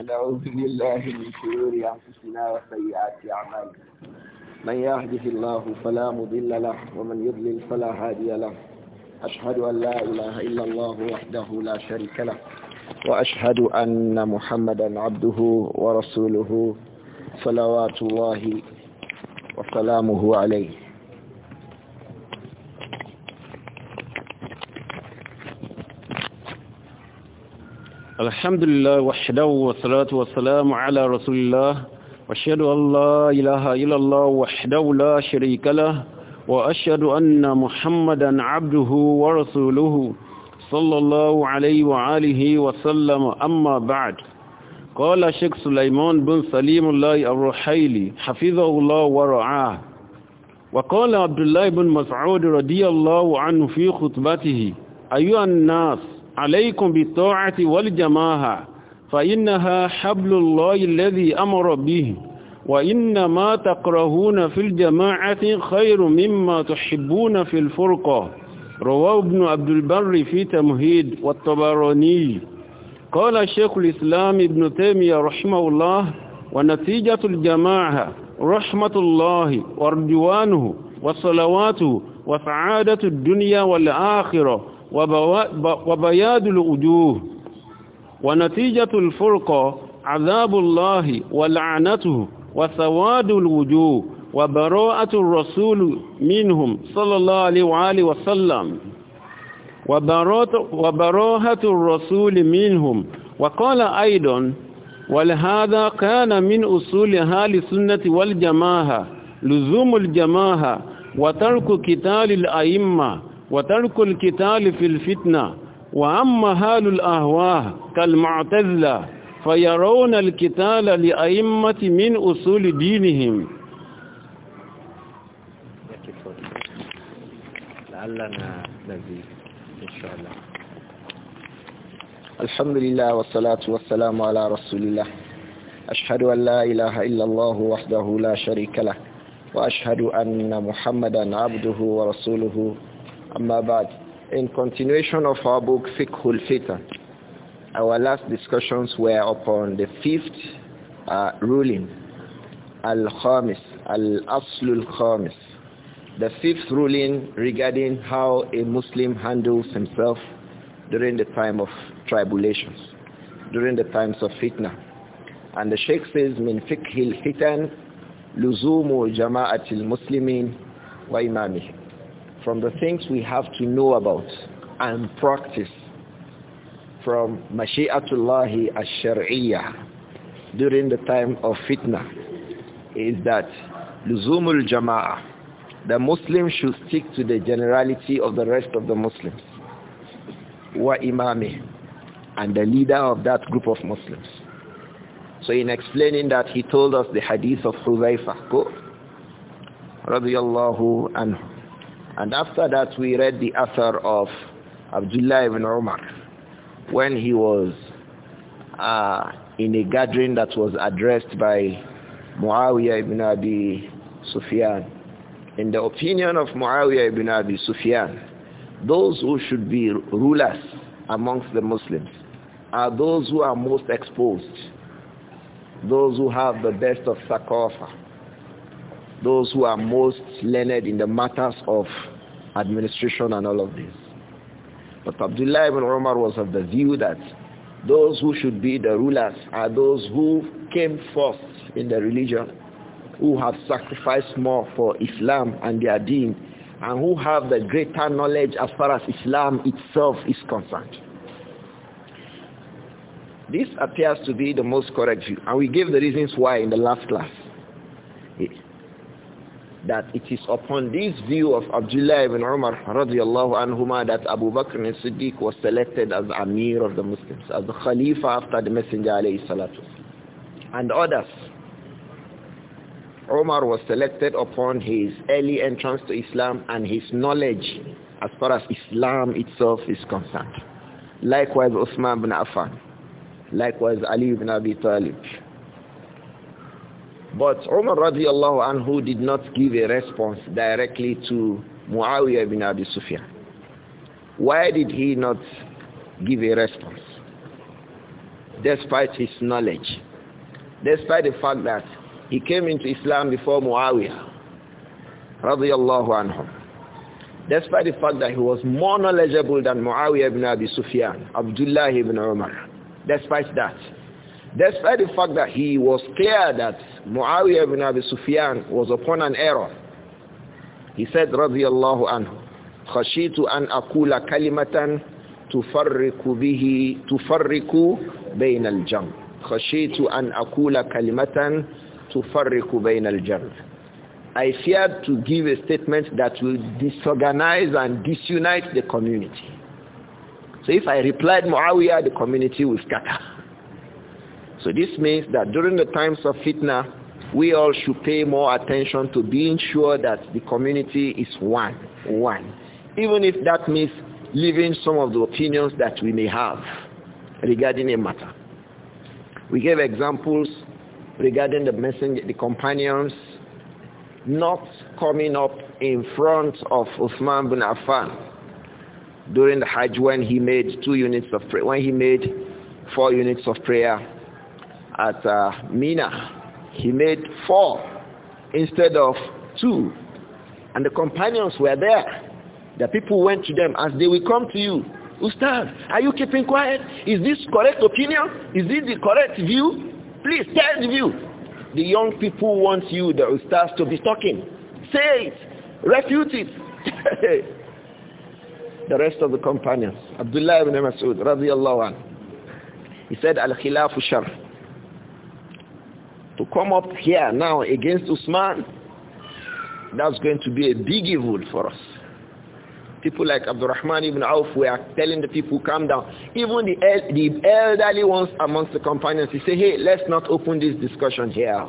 ونعوذ بالله من شرور أنفسنا وسيئات أعمالنا من يهده الله فلا مضل له ومن يضلل فلا هادي له أشهد أن لا إله إلا الله وحده لا شريك له وأشهد أن محمدا عبده ورسوله صلوات الله وسلامه عليه الحمد لله وحده والصلاة والسلام على رسول الله وأشهد أن لا إله إلا الله وحده لا شريك له وأشهد أن محمدا عبده ورسوله صلى الله عليه وآله وسلم أما بعد قال شيخ سليمان بن سليم الله الرحيلي حفظه الله ورعاه وقال عبد الله بن مسعود رضي الله عنه في خطبته أيها الناس عليكم بالطاعة والجماعة فإنها حبل الله الذي أمر به وإنما تكرهون في الجماعة خير مما تحبون في الفرقة رواه ابن عبد البر في تمهيد والطبراني قال شيخ الإسلام ابن تيمية رحمه الله ونتيجة الجماعة رحمة الله ورجوانه وصلواته وسعادة الدنيا والآخرة وبياد الوجوه ونتيجة الفرقة عذاب الله ولعنته وسواد الوجوه وبراءة الرسول منهم صلى الله عليه وآله وسلم وبراءة الرسول منهم وقال أيضا ولهذا كان من أصول أهل السنة والجماعة لزوم الجماعة وترك كتال الأئمة وترك القتال في الفتنة وأما هال الأهواه كالمعتزلة فيرون القتال لأئمة من أصول دينهم لعلنا نزيد إن شاء الله الحمد لله والصلاة والسلام على رسول الله أشهد أن لا إله إلا الله وحده لا شريك له وأشهد أن محمدا عبده ورسوله أما in continuation of our book Fiqhul fitan our last discussions were upon the fifth uh, ruling al-khamis al-asl al-khamis the fifth ruling regarding how a muslim handles himself during the time of tribulations during the times of fitna and the sheikh says min fiqh fitan luzumu jama'at muslimin wa imamihim from the things we have to know about and practice from Mashi'atullahi ash-shar'iyyah during the time of fitna is that luzumul jama'ah the Muslim should stick to the generality of the rest of the Muslims wa imami and the leader of that group of Muslims so in explaining that he told us the hadith of Hudhayfah radiyallahu anhu and after that, we read the author of Abdullah ibn Umar when he was uh, in a gathering that was addressed by Muawiyah ibn Abi Sufyan. In the opinion of Muawiyah ibn Abi Sufyan, those who should be rulers amongst the Muslims are those who are most exposed, those who have the best of thaqafah, those who are most learned in the matters of administration and all of this. But Abdullah ibn Umar was of the view that those who should be the rulers are those who came first in the religion, who have sacrificed more for Islam and their deen, and who have the greater knowledge as far as Islam itself is concerned. This appears to be the most correct view, and we gave the reasons why in the last class that it is upon this view of Abdullah ibn Umar radiallahu anhuma that Abu Bakr and Siddiq was selected as Amir of the Muslims, as the Khalifa after the Messenger alayhi salatu. And others. Umar was selected upon his early entrance to Islam and his knowledge as far as Islam itself is concerned. Likewise Uthman ibn Affan. Likewise Ali ibn Abi Talib but Umar radiallahu anhu did not give a response directly to Muawiyah ibn Abi Sufyan. Why did he not give a response? Despite his knowledge. Despite the fact that he came into Islam before Muawiyah radiallahu anhu. Despite the fact that he was more knowledgeable than Muawiyah ibn Abi Sufyan, Abdullah ibn Umar. Despite that, Despite the fact that he was clear that Muawiyah ibn Abi Sufyan was upon an error, he said, radiyallahu anhu, خشيت أن أقول كلمة تفرق به تفرق بين الجمع خشيت أن أقول كلمة تفرق بين الجمع I feared to give a statement that will disorganize and disunite the community. So if I replied Muawiyah, the community will scatter. So this means that during the times of fitna, we all should pay more attention to being sure that the community is one, one. Even if that means leaving some of the opinions that we may have regarding a matter. We gave examples regarding the messenger, the companions not coming up in front of Uthman bin Affan during the Hajj when he made two units of prayer, when he made four units of prayer at uh, Mina. He made four instead of two. And the companions were there. The people went to them as they will come to you. Ustaz, are you keeping quiet? Is this correct opinion? Is this the correct view? Please tell the view. The young people want you, the Ustaz, to be talking. Say it. Refute it. the rest of the companions. Abdullah ibn Mas'ud, radiallahu anhu. He said, Al-Khilafu Shar to come up here now against Usman, that's going to be a big evil for us. People like Abdurrahman ibn Auf were telling the people, calm down. Even the, the elderly ones amongst the companions, they say, hey, let's not open this discussion here.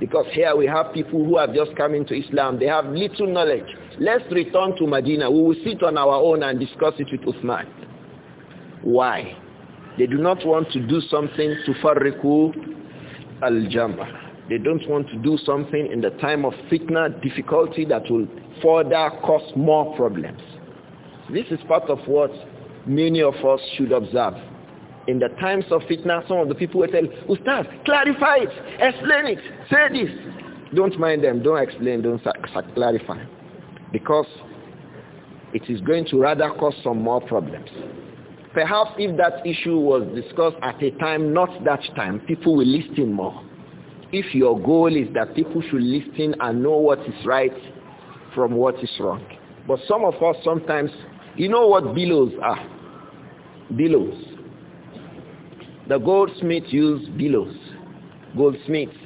Because here we have people who have just come into Islam. They have little knowledge. Let's return to Medina. We will sit on our own and discuss it with Uthman. Why? They do not want to do something to farriku al-jam' they don't want to do something in the time of fitna difficulty that will further cause more problems this is part of what many of us should observe in the times of fitna some of the people will tell ustaz clarify it explain it say this don't mind them don't explain don't clarify because it is going to rather cause some more problems Perhaps if that issue was discussed at a time, not that time, people will listen more. If your goal is that people should listen and know what is right from what is wrong. But some of us sometimes, you know what billows are? Billows. The goldsmiths use billows. Goldsmiths,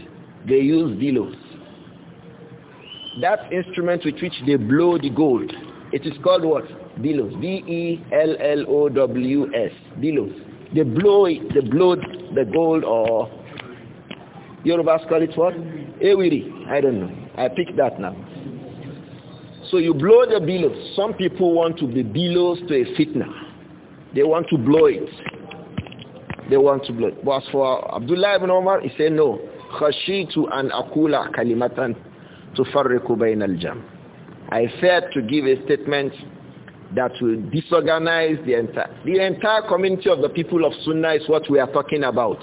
they use billows. That instrument with which they blow the gold it is called what? Billows. B-E-L-L-O-W-S. Billows. They blow it, they blow the gold or Yorubas call it what? Ewiri. I don't know. I pick that now. So you blow the billows. Some people want to be billows to a fitna. They want to blow it. They want to blow it. But as for Abdullah ibn Omar, he said no. an akula kalimatan كلمة تفرق al jam. I failed to give a statement that will disorganize the entire the entire community of the people of Sunnah is what we are talking about.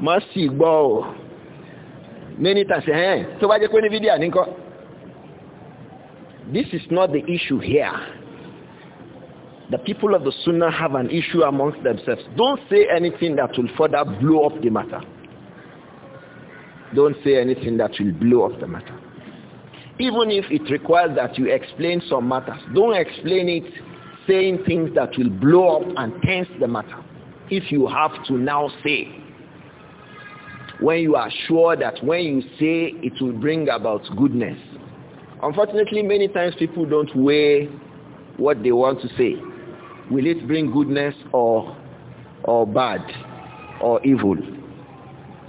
Mercy many times eh tó bá jẹ́ video ni This is not the issue here. The people of the Sunnah have an issue amongst themselves. Don't say anything that will further blow up the matter. Don't say anything that will blow up the matter. Even if it requires that you explain some matters, don't explain it saying things that will blow up and tense the matter. If you have to now say, when you are sure that when you say, it will bring about goodness. Unfortunately, many times people don't weigh what they want to say. Will it bring goodness or, or bad or evil?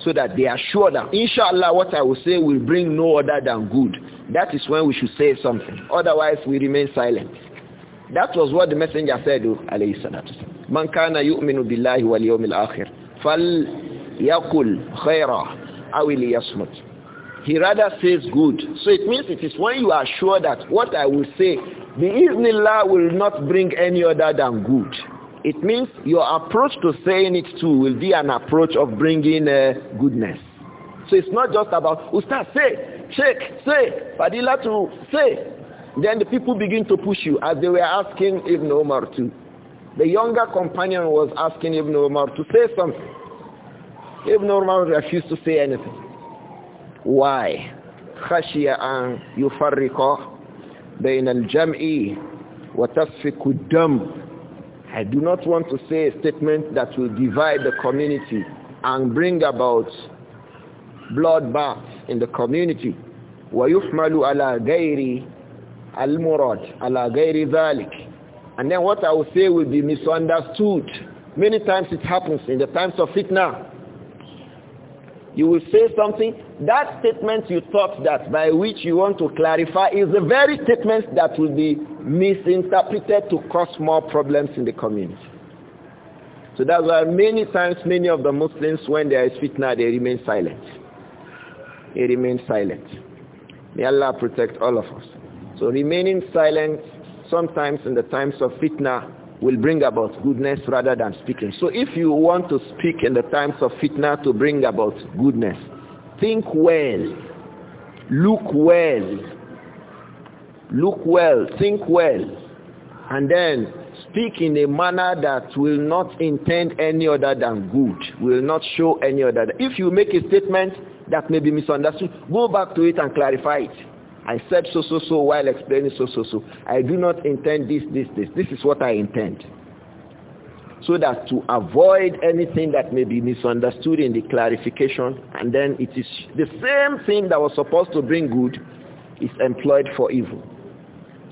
So that they are sure that, inshallah, what I will say will bring no other than good. That is when we should say something. Otherwise, we remain silent. That was what the messenger said, alayhi salatu. Man kana yu'minu billahi wal yawmil akhir. Fal yakul khaira, awil yasmut. He rather says good. So it means it is when you are sure that what I will say, the iznillah will not bring any other than good. It means your approach to saying it too will be an approach of bringing uh, goodness. So it's not just about, Ustaz, say, Sheikh, say, to say. Then the people begin to push you as they were asking Ibn Omar to. The younger companion was asking Ibn Omar to say something. Ibn Omar refused to say anything. Why? خشي أن يفرق بين الجمع وتسفك الدم I do not want to say a statement that will divide the community and bring about bloodbath in the community وَيُحْمَلُ عَلَى غَيْرِ الْمُرَادِ عَلى غَيْرِ ذَلِكِ and then what I will say will be misunderstood many times it happens in the times of fitna you will say something that statement you thought that by which you want to clarify is the very statement that will be misinterpreted to cause more problems in the community so that's why many times many of the Muslims when there is fitna they remain silent he remained silent. May Allah protect all of us. So remaining silent sometimes in the times of fitna will bring about goodness rather than speaking. So if you want to speak in the times of fitna to bring about goodness, think well, look well, look well, think well, and then speak in a manner that will not intend any other than good, will not show any other. If you make a statement, that may be misunderstood. Go back to it and clarify it. I said so, so, so while explaining so, so, so. I do not intend this, this, this. This is what I intend. So that to avoid anything that may be misunderstood in the clarification, and then it is the same thing that was supposed to bring good is employed for evil.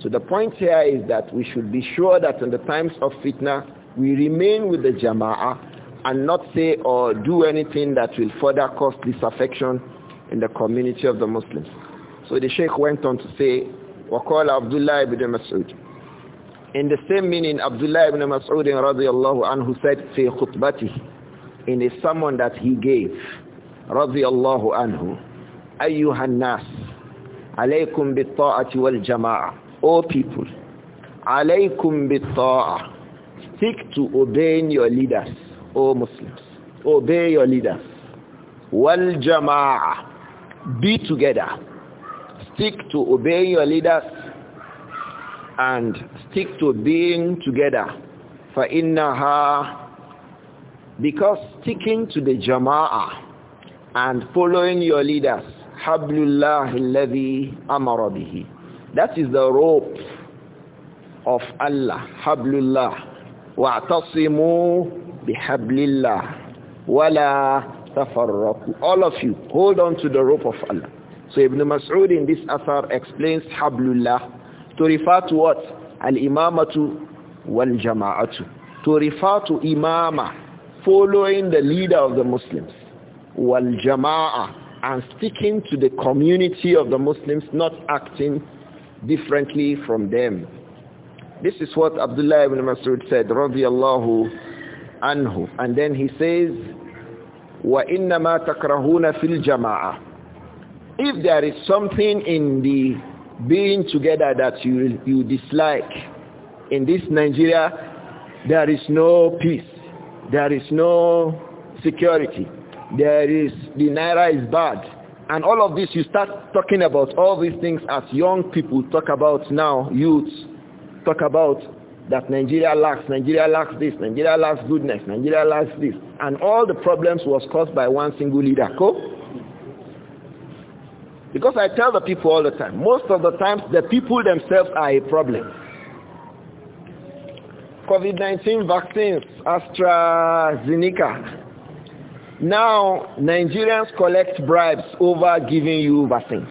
So the point here is that we should be sure that in the times of fitna, we remain with the jama'ah and not say or do anything that will further cause disaffection in the community of the Muslims. So the Sheikh went on to say, وقال Abdullah ibn Mas'ud. In the same meaning, Abdullah ibn Mas'ud radiallahu anhu said, في خطبته, in a sermon that he gave, radiallahu anhu, أيها الناس عليكم بالطاعة والجماعة O people, عليكم بالطاعة Stick to obeying your leaders. O Muslims, obey your leaders. Wal Jamaa, be together. Stick to obeying your leaders and stick to being together. innaha, Because sticking to the Jamaa and following your leaders, hablullah اللَّهِ amarabihi. That is the rope of Allah, حَبْلُ اللَّهِ وَاعْتَصِمُوا bihablillah wala tafarraqu all of you hold on to the rope of Allah so Ibn Mas'ud in this athar explains hablullah to refer to what al-imamatu wal-jama'atu to refer to imama following the leader of the Muslims wal-jama'a and sticking to the community of the Muslims not acting differently from them this is what Abdullah ibn Mas'ud said radiyallahu anhu and then he says wa inna ma takrahuna fil if there is something in the being together that you you dislike in this Nigeria there is no peace there is no security there is the naira is bad and all of this you start talking about all these things as young people talk about now youths talk about that Nigeria lacks, Nigeria lacks this, Nigeria lacks goodness, Nigeria lacks this. And all the problems was caused by one single leader. Cool? Because I tell the people all the time, most of the times the people themselves are a problem. COVID-19 vaccines, AstraZeneca. Now, Nigerians collect bribes over giving you vaccines.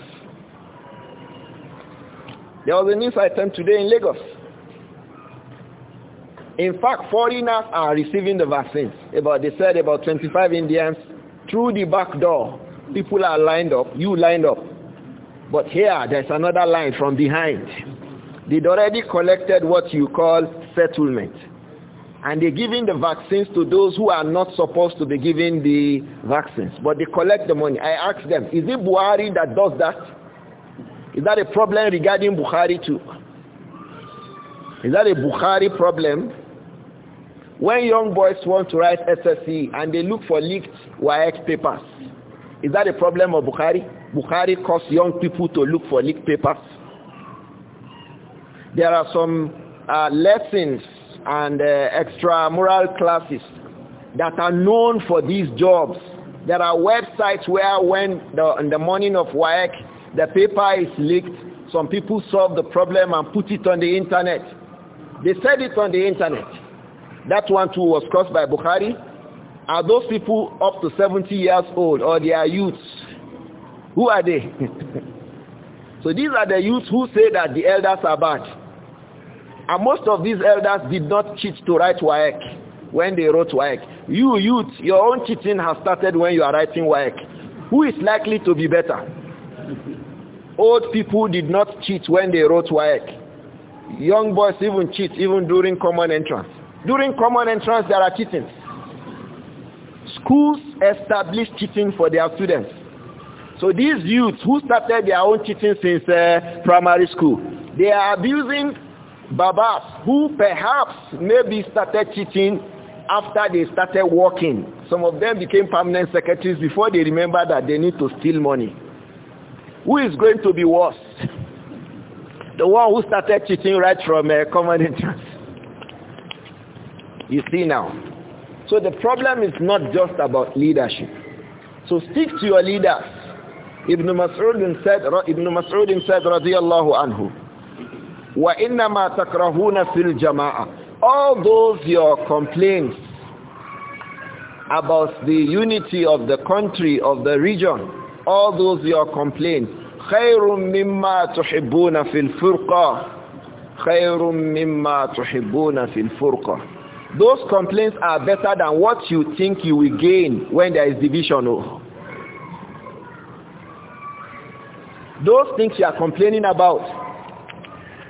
There was a news item today in Lagos in fact, foreigners are receiving the vaccines. About they said about 25 Indians through the back door. People are lined up. You lined up. But here there's another line from behind. They'd already collected what you call settlement. And they're giving the vaccines to those who are not supposed to be giving the vaccines. But they collect the money. I ask them, is it Buhari that does that? Is that a problem regarding Buhari too? Is that a Bukhari problem? When young boys want to write SSC and they look for leaked WAEC papers, is that a problem of Bukhari? Bukhari caused young people to look for leaked papers. There are some uh, lessons and uh, extramural classes that are known for these jobs. There are websites where when the, on the morning of WAEC, the paper is leaked, some people solve the problem and put it on the internet. They said it on the internet that one too was crossed by Bukhari are those people up to 70 years old or they are youths who are they so these are the youths who say that the elders are bad and most of these elders did not cheat to write waek when they wrote waek you youths, your own cheating has started when you are writing waek who is likely to be better old people did not cheat when they wrote waek young boys even cheat even during common entrance during common entrance, there are cheating. Schools establish cheating for their students. So these youths who started their own cheating since uh, primary school, they are abusing babas who perhaps maybe started cheating after they started working. Some of them became permanent secretaries before they remember that they need to steal money. Who is going to be worse? The one who started cheating right from uh, common entrance. You see now. So the problem is not just about leadership. So stick to your leaders. Ibn Mas'ud said, Ibn Mas'ud said, radiyallahu anhu, وَإِنَّمَا تَكْرَهُونَ fil الْجَمَاعَةِ All those your complaints about the unity of the country, of the region, all those your complaints, خَيْرٌ mimma تُحِبُّونَ fil furqa. خَيْرٌ mimma تُحِبُّونَ fil furqa. Those complaints are better than what you think you will gain when there is division. Oh. Those things you are complaining about,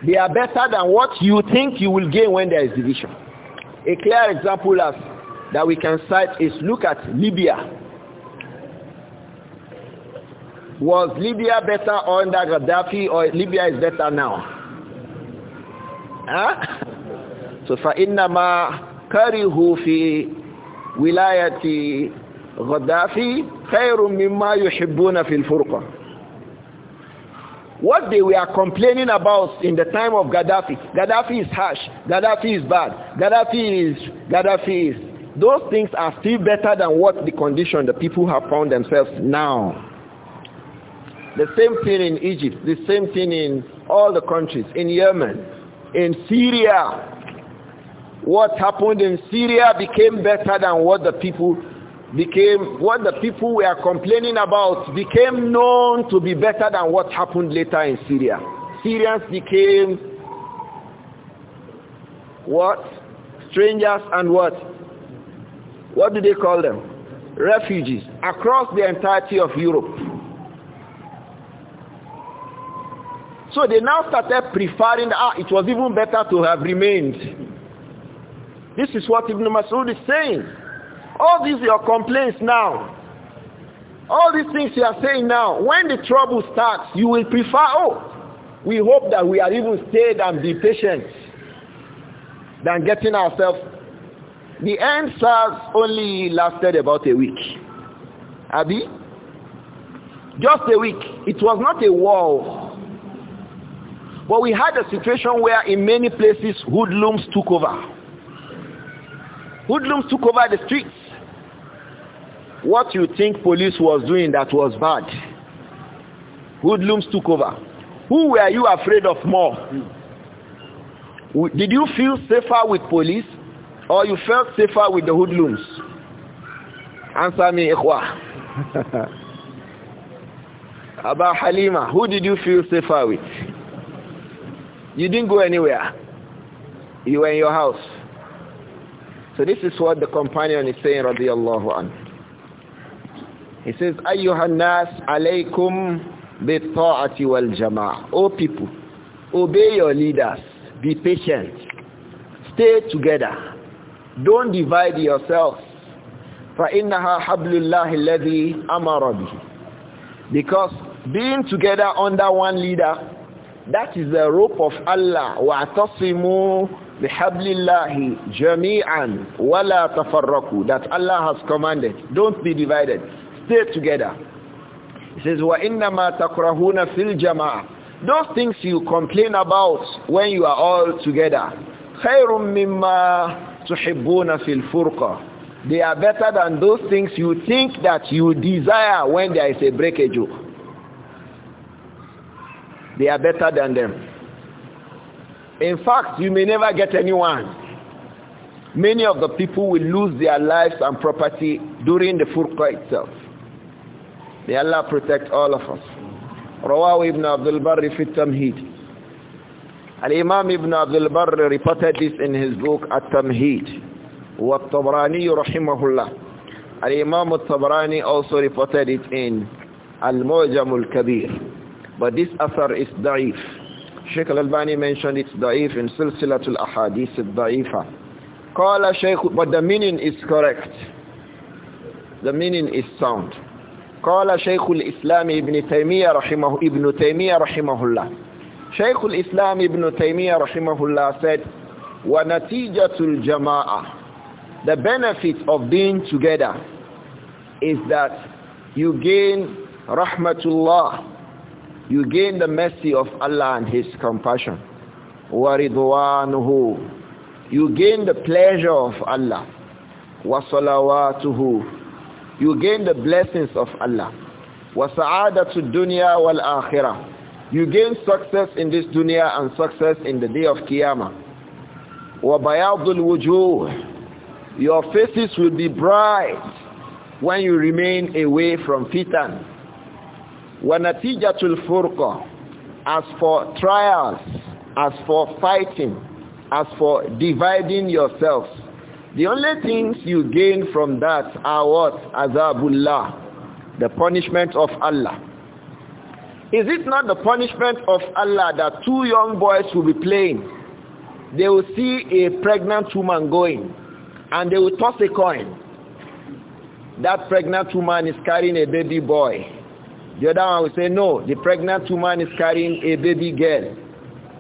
they are better than what you think you will gain when there is division. A clear example that we can cite is look at Libya. Was Libya better under Gaddafi or Libya is better now? Huh? So ma Gaddafi what they were complaining about in the time of Gaddafi Gaddafi is harsh Gaddafi is bad Gaddafi is Gaddafi is those things are still better than what the condition the people have found themselves now the same thing in Egypt the same thing in all the countries in Yemen in Syria what happened in Syria became better than what the people became what the people were complaining about became known to be better than what happened later in Syria. Syrians became what? Strangers and what? What do they call them? Refugees across the entirety of Europe. So they now started preferring, ah, it was even better to have remained this is what Ibn Masud is saying. All these your complaints now. All these things you are saying now, when the trouble starts, you will prefer, oh, we hope that we are even stayed and be patient than getting ourselves. The end SARS only lasted about a week. Abi? Just a week. It was not a war. But we had a situation where in many places hoodlums took over Hoodlums took over the streets. What you think police was doing that was bad? Hoodlums took over. Who were you afraid of more? Did you feel safer with police or you felt safer with the hoodlums? Answer me, ikhwa. About Halima, who did you feel safer with? You didn't go anywhere. You were in your house. So this is what the companion is saying radiyallahu anhu. He says, Ayyuhan nas alaykum bi-ta'ati wal-jama'ah. O people, obey your leaders. Be patient. Stay together. Don't divide yourselves. فَإِنَّهَا حَبْلُ اللَّهِ الَّذِي أَمَرَ بِهِ Because being together under one leader, that is the rope of Allah. وَاعْتَصِمُوا bihablillahi jami'an wala tafarraqu that Allah has commanded don't be divided stay together he says wa inna ma takrahuna fil jamaa those things you complain about when you are all together khairun mimma tuhibbuna fil furqa they are better than those things you think that you desire when there is a breakage they are better than them in fact, you may never get anyone. Many of the people will lose their lives and property during the furqa itself. May Allah protect all of us. ibn Abdul Barri البر في التمهيد Imam ibn Abdul Barri reported this in his book التمهيد والطبراني رحمه الله الإمام Tabrani also reported it in Al المعجم الكبير but this author is daif. Sheikh Al-Albani mentioned it's da'if in silsilatul ahadith daifa Qala Sheikh, but the meaning is correct. The meaning is sound. Qala Sheikh al-Islam ibn Taymiyyah rahimahu, ibn Taymiyyah rahimahullah. Sheikh al-Islam ibn Taymiyyah rahimahullah said, وَنَتِيجَةُ الْجَمَاعَةِ The benefit of being together is that you gain rahmatullah you gain the mercy of Allah and his compassion Wa waridwanuhu you gain the pleasure of Allah wa salawatuhu you gain the blessings of Allah wa sa'adatu dunya wal akhirah you gain success in this dunya and success in the day of qiyamah wa bayadul wujuh your faces will be bright when you remain away from fitan وَنَتِيجَةُ الْفُرْقَةِ As for trials, as for fighting, as for dividing yourselves, the only things you gain from that are what? Azabullah, the punishment of Allah. Is it not the punishment of Allah that two young boys will be playing? They will see a pregnant woman going and they will toss a coin. That pregnant woman is carrying a baby boy the other one will say, no, the pregnant woman is carrying a baby girl.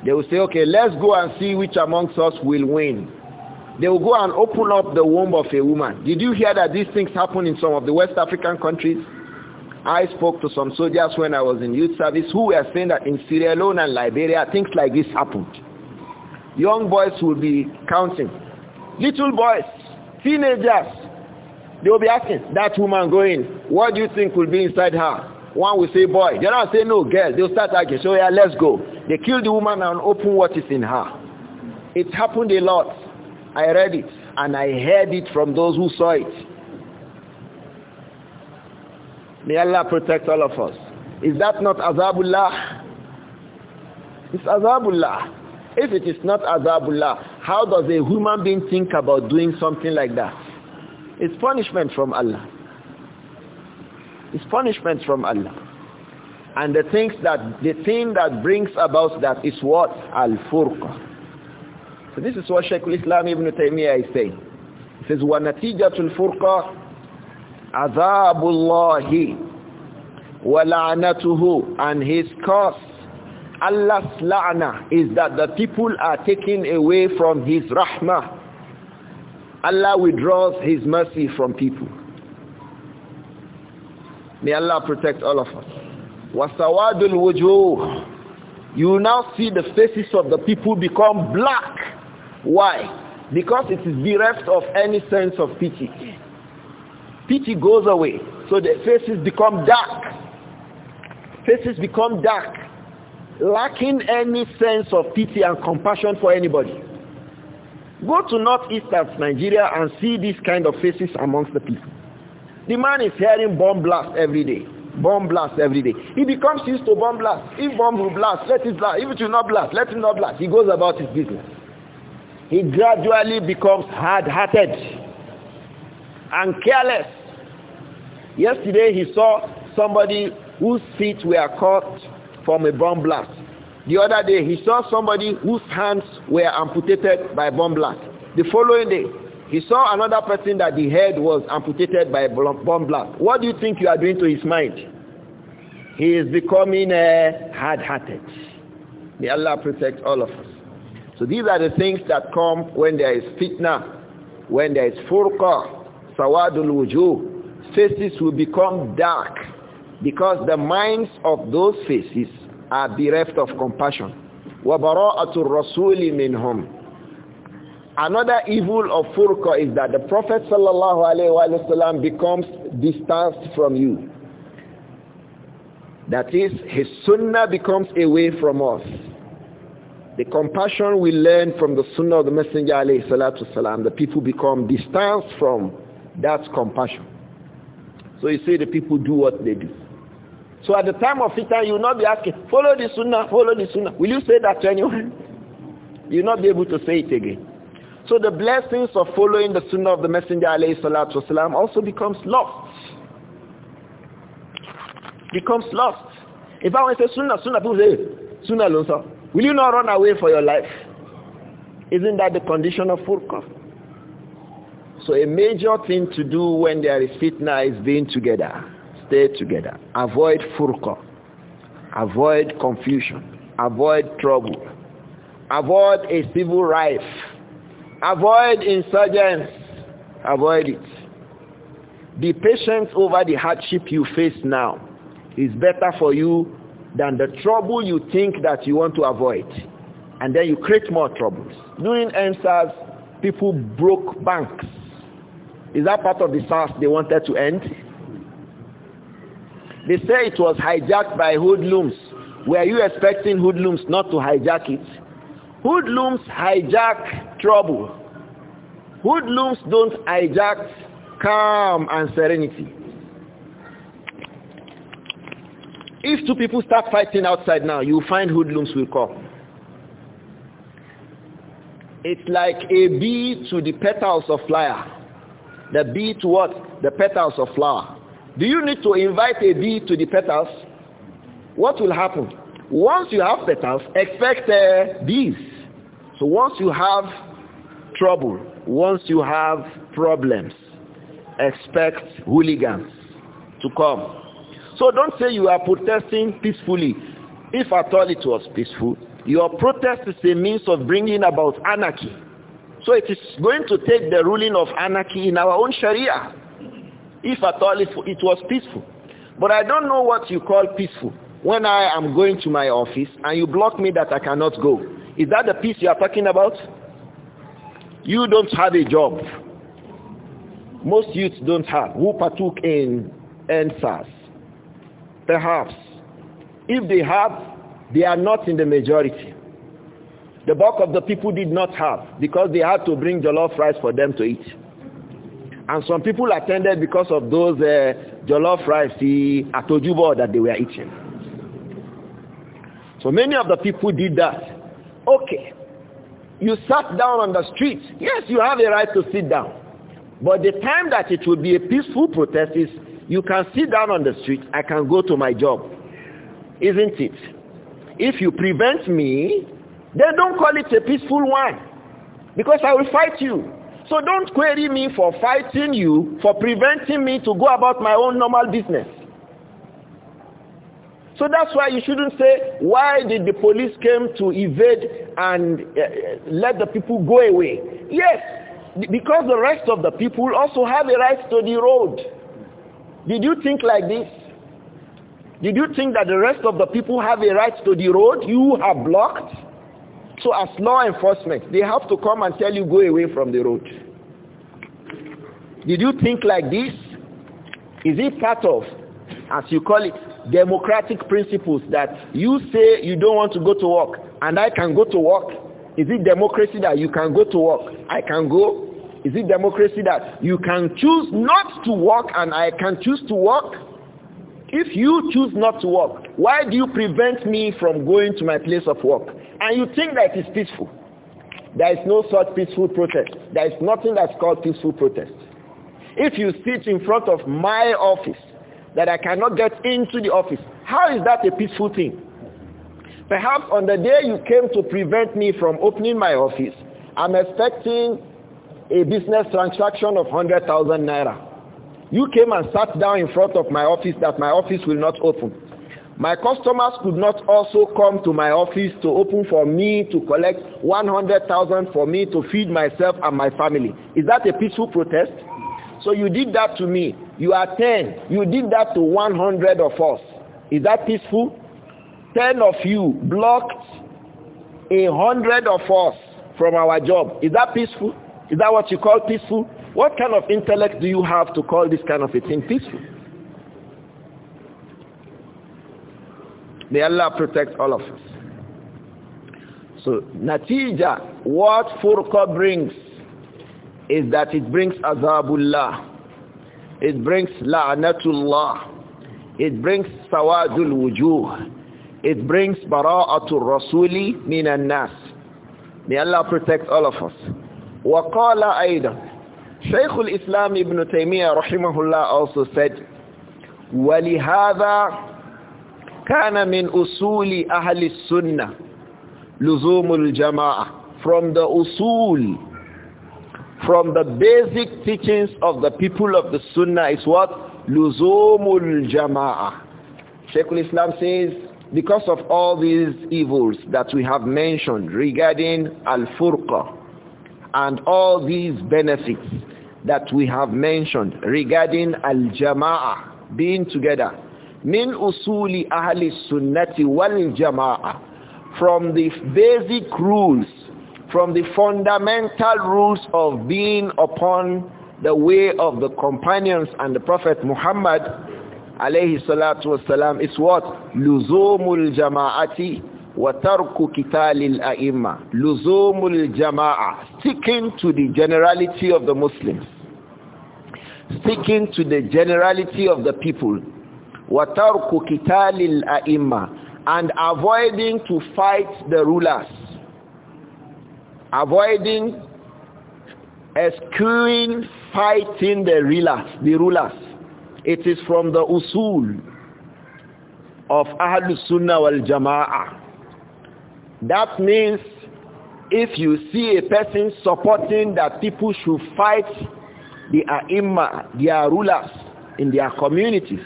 They will say, okay, let's go and see which amongst us will win. They will go and open up the womb of a woman. Did you hear that these things happen in some of the West African countries? I spoke to some soldiers when I was in youth service who were saying that in Sierra Leone and Liberia, things like this happened. Young boys will be counting. Little boys, teenagers, they will be asking, that woman going, what do you think will be inside her? One will say boy, the other will say no, girl. They'll start arguing. So yeah, let's go. They kill the woman and open what is in her. It happened a lot. I read it and I heard it from those who saw it. May Allah protect all of us. Is that not Azabullah? It's Azabullah. If it is not Azabullah, how does a human being think about doing something like that? It's punishment from Allah. It's punishment from Allah. And the things that the thing that brings about that is what al-furqa. So this is what sheik al-Islam Ibn Taymiyyah is saying. He says wa natijatul furqa adhabullahi wa la'natuhu and his curse Allah's la'na is that the people are taken away from his rahmah. Allah withdraws his mercy from people. May Allah protect all of us. Wasawadul الْوُجُوهِ You now see the faces of the people become black. Why? Because it is bereft of any sense of pity. Pity goes away. So the faces become dark. Faces become dark. Lacking any sense of pity and compassion for anybody. Go to northeast of Nigeria and see these kind of faces amongst the people. The man is hearing bomb blast every day. Bomb blast every day. He becomes used to bomb blast. If bomb will blast, let it blast. If it will not blast, let it not blast. He goes about his business. He gradually becomes hard-hearted and careless. Yesterday he saw somebody whose feet were caught from a bomb blast. The other day he saw somebody whose hands were amputated by bomb blast. The following day he saw another person that the head was amputated by bomb blast. What do you think you are doing to his mind? He is becoming uh, hard-hearted. May Allah protect all of us. So these are the things that come when there is fitna, when there is furqa, sawadul wujuh. Faces will become dark because the minds of those faces are bereft of compassion. وَبَرَاءَةُ الرَّسُولِ مِنْهُمْ Another evil of furqa is that the Prophet sallallahu becomes distanced from you. That is, his sunnah becomes away from us. The compassion we learn from the sunnah of the Messenger alayhi salatu salam, the people become distanced from that compassion. So you see the people do what they do. So at the time of fitna, you will not be asking, follow the sunnah, follow the sunnah. Will you say that to anyone? You will not be able to say it again. So the blessings of following the sunnah of the Messenger wasalam, also becomes lost. Becomes lost. If I want to say sunnah, sunnah, people say, sunnah Lusa? Will you not run away for your life? Isn't that the condition of furqah? So a major thing to do when there is fitna is being together. Stay together. Avoid furqah. Avoid confusion. Avoid trouble. Avoid a civil rife Avoid insurgence. Avoid it. Be patient over the hardship you face now. It's better for you than the trouble you think that you want to avoid. And then you create more troubles. During answers, people broke banks. Is that part of the SARS they wanted to end? They say it was hijacked by hoodlums. Were you expecting hoodlums not to hijack it? Hoodlums hijack trouble. Hoodlums don't hijack calm and serenity. If two people start fighting outside now, you find hoodlums will come. It's like a bee to the petals of flower. The bee to what? The petals of flower. Do you need to invite a bee to the petals? What will happen? Once you have petals, expect uh, bees. So once you have trouble, once you have problems, expect hooligans to come. So don't say you are protesting peacefully. If at all it was peaceful, your protest is a means of bringing about anarchy. So it is going to take the ruling of anarchy in our own Sharia. If at all it, it was peaceful. But I don't know what you call peaceful. When I am going to my office and you block me that I cannot go. Is that the peace you are talking about? You don't have a job. Most youths don't have. Who partook in answers? Perhaps. If they have, they are not in the majority. The bulk of the people did not have because they had to bring jollof rice for them to eat. And some people attended because of those uh, jollof rice the atojubo that they were eating. So many of the people did that. Okay, you sat down on the street. Yes, you have a right to sit down. But the time that it will be a peaceful protest is you can sit down on the street. I can go to my job. Isn't it? If you prevent me, then don't call it a peaceful one. Because I will fight you. So don't query me for fighting you, for preventing me to go about my own normal business. So that's why you shouldn't say, why did the police came to evade and uh, uh, let the people go away? Yes, because the rest of the people also have a right to the road. Did you think like this? Did you think that the rest of the people have a right to the road? You are blocked. So as law enforcement, they have to come and tell you go away from the road. Did you think like this? Is it part of, as you call it, democratic principles that you say you don't want to go to work and I can go to work. Is it democracy that you can go to work? I can go. Is it democracy that you can choose not to work and I can choose to work? If you choose not to work, why do you prevent me from going to my place of work? And you think that it's peaceful. There is no such peaceful protest. There is nothing that's called peaceful protest. If you sit in front of my office that I cannot get into the office. How is that a peaceful thing? Perhaps on the day you came to prevent me from opening my office, I'm expecting a business transaction of 100,000 naira. You came and sat down in front of my office that my office will not open. My customers could not also come to my office to open for me to collect 100,000 for me to feed myself and my family. Is that a peaceful protest? So you did that to me. You are 10. You did that to 100 of us. Is that peaceful? 10 of you blocked a 100 of us from our job. Is that peaceful? Is that what you call peaceful? What kind of intellect do you have to call this kind of a thing peaceful? May Allah protect all of us. So, Natija, what Furqa brings is that it brings azabullah it brings la'natullah it brings sawadul wujuh it brings bara'atul rasuli minan nas may Allah protect all of us وَقَالَ qala aidan shaykh al-islam ibn taymiyyah rahimahullah also said ولهذا كان من أصول أهل السنة لزوم الجماعة from the usul from the basic teachings of the people of the Sunnah is what? Luzumul Jama'ah. Sheikh Islam says, because of all these evils that we have mentioned regarding Al-Furqa and all these benefits that we have mentioned regarding Al-Jama'ah, being together, min usuli ahli sunnati wal jama'ah, from the basic rules from the fundamental rules of being upon the way of the companions and the Prophet Muhammad alayhi salatu wasalam is what? Luzumul jama'ati wa tarku kitalil a'imma. Luzumul jama'a. Sticking to the generality of the Muslims. Sticking to the generality of the people. Wa tarku kitalil a'imma. And avoiding to fight the rulers avoiding, eschewing, fighting the rulers, the rulers. It is from the usul of Ahlus Sunnah wal Jama'ah. That means if you see a person supporting that people should fight the ai their rulers in their communities,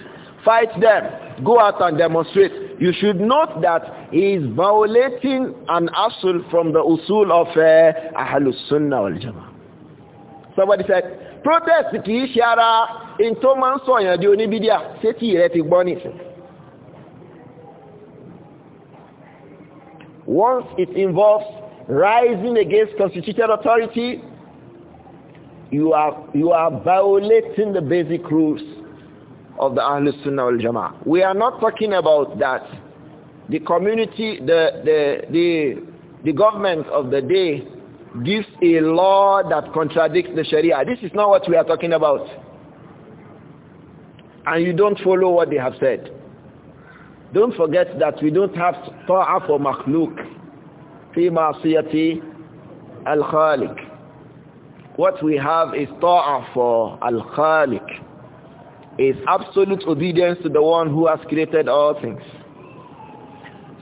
fight them, go out and demonstrate you should note that he is violating an asul from the usul of uh, Ahlus Sunnah wal Jama'ah. Somebody said, protest kì í in tó máa ń sọ̀yàn di oníbídíà ṣé tí rẹ ti gbọ́ gbo Once it involves rising against constituted authority, you are, you are violating the basic rules of the Ahlul Sunnah wal Jama'ah. We are not talking about that. The community, the, the, the, the government of the day gives a law that contradicts the Sharia. This is not what we are talking about. And you don't follow what they have said. Don't forget that we don't have ta'a for makhluk. Fi ma'asiyati al-khaliq. What we have is ta'a for al-khaliq is absolute obedience to the one who has created all things.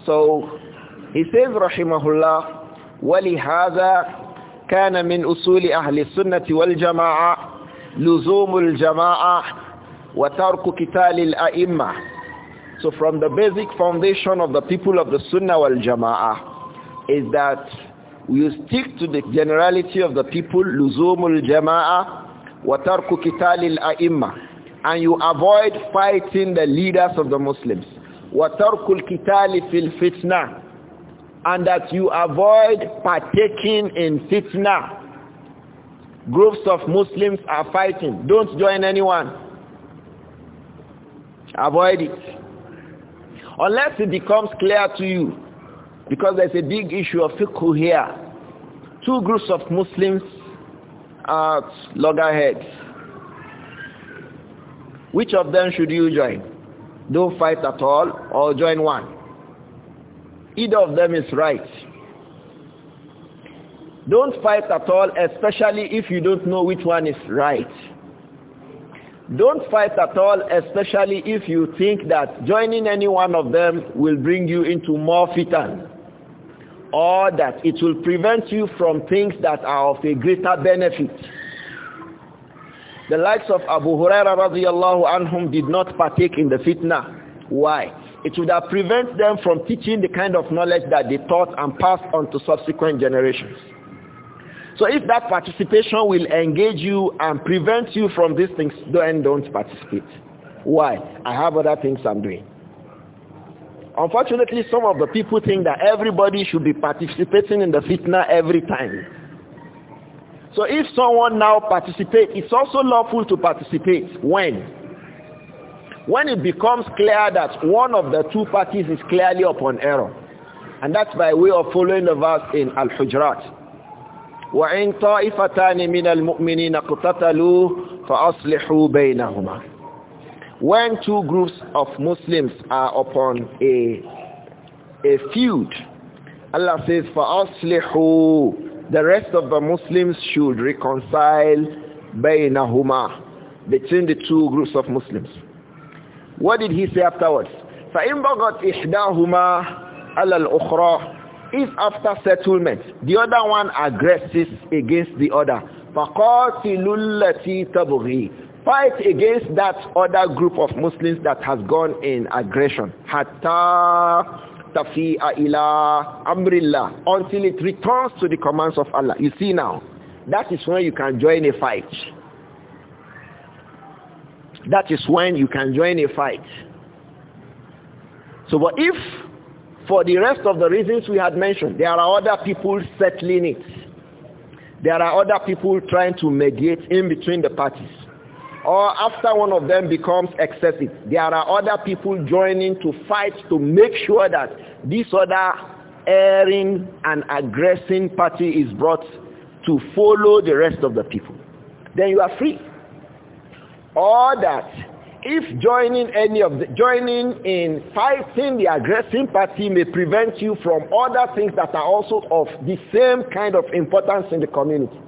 So he says rahimahullah ولهذا كان من أصول أهل السنة والجماعة لزوم الجماعة وترك قتال الأئمة So from the basic foundation of the people of the Sunnah wal Jama'ah is that we stick to the generality of the people, لزوم الجماعة وترك قتال الأئمة and you avoid fighting the leaders of the Muslims. وَتَرْكُ الْكِتَالِ فِي الْفِتْنَةِ And that you avoid partaking in fitna. Groups of Muslims are fighting. Don't join anyone. Avoid it. Unless it becomes clear to you, because there's a big issue of fiqh here. Two groups of Muslims are loggerheads which of them should you join? Don't fight at all or join one. Either of them is right. Don't fight at all, especially if you don't know which one is right. Don't fight at all, especially if you think that joining any one of them will bring you into more fitan or that it will prevent you from things that are of a greater benefit. The likes of Abu Huraira radiallahu anhum did not partake in the fitna. Why? It would have prevented them from teaching the kind of knowledge that they taught and passed on to subsequent generations. So if that participation will engage you and prevent you from these things, then don't participate. Why? I have other things I'm doing. Unfortunately, some of the people think that everybody should be participating in the fitna every time. So if someone now participates, it's also lawful to participate. When? When it becomes clear that one of the two parties is clearly upon error. And that's by way of following the verse in Al-Hujurat. وَإِن طَائِفَتَانِ مِنَ الْمُؤْمِنِينَ اقْتَتَلُوا فَأَصْلِحُوا بَيْنَهُمَا When two groups of Muslims are upon a, a feud, Allah says, فَأَصْلِحُوا the rest of the Muslims should reconcile بينهما between the two groups of Muslims. What did he say afterwards? فَإِنْ بَغَتْ إِحْدَاهُمَا عَلَى الْأُخْرَى If after settlement, the other one aggresses against the other, فَقَاتِلُوا الَّتِي تَبْغِي Fight against that other group of Muslims that has gone in aggression. حَتَّى tafi'a ila amrillah until it returns to the commands of Allah. You see now, that is when you can join a fight. That is when you can join a fight. So but if for the rest of the reasons we had mentioned, there are other people settling it. There are other people trying to mediate in between the parties or after one of them becomes excessive, there are other people joining to fight to make sure that this other erring and aggressing party is brought to follow the rest of the people. Then you are free. Or that if joining any of the, joining in fighting the aggressing party may prevent you from other things that are also of the same kind of importance in the community.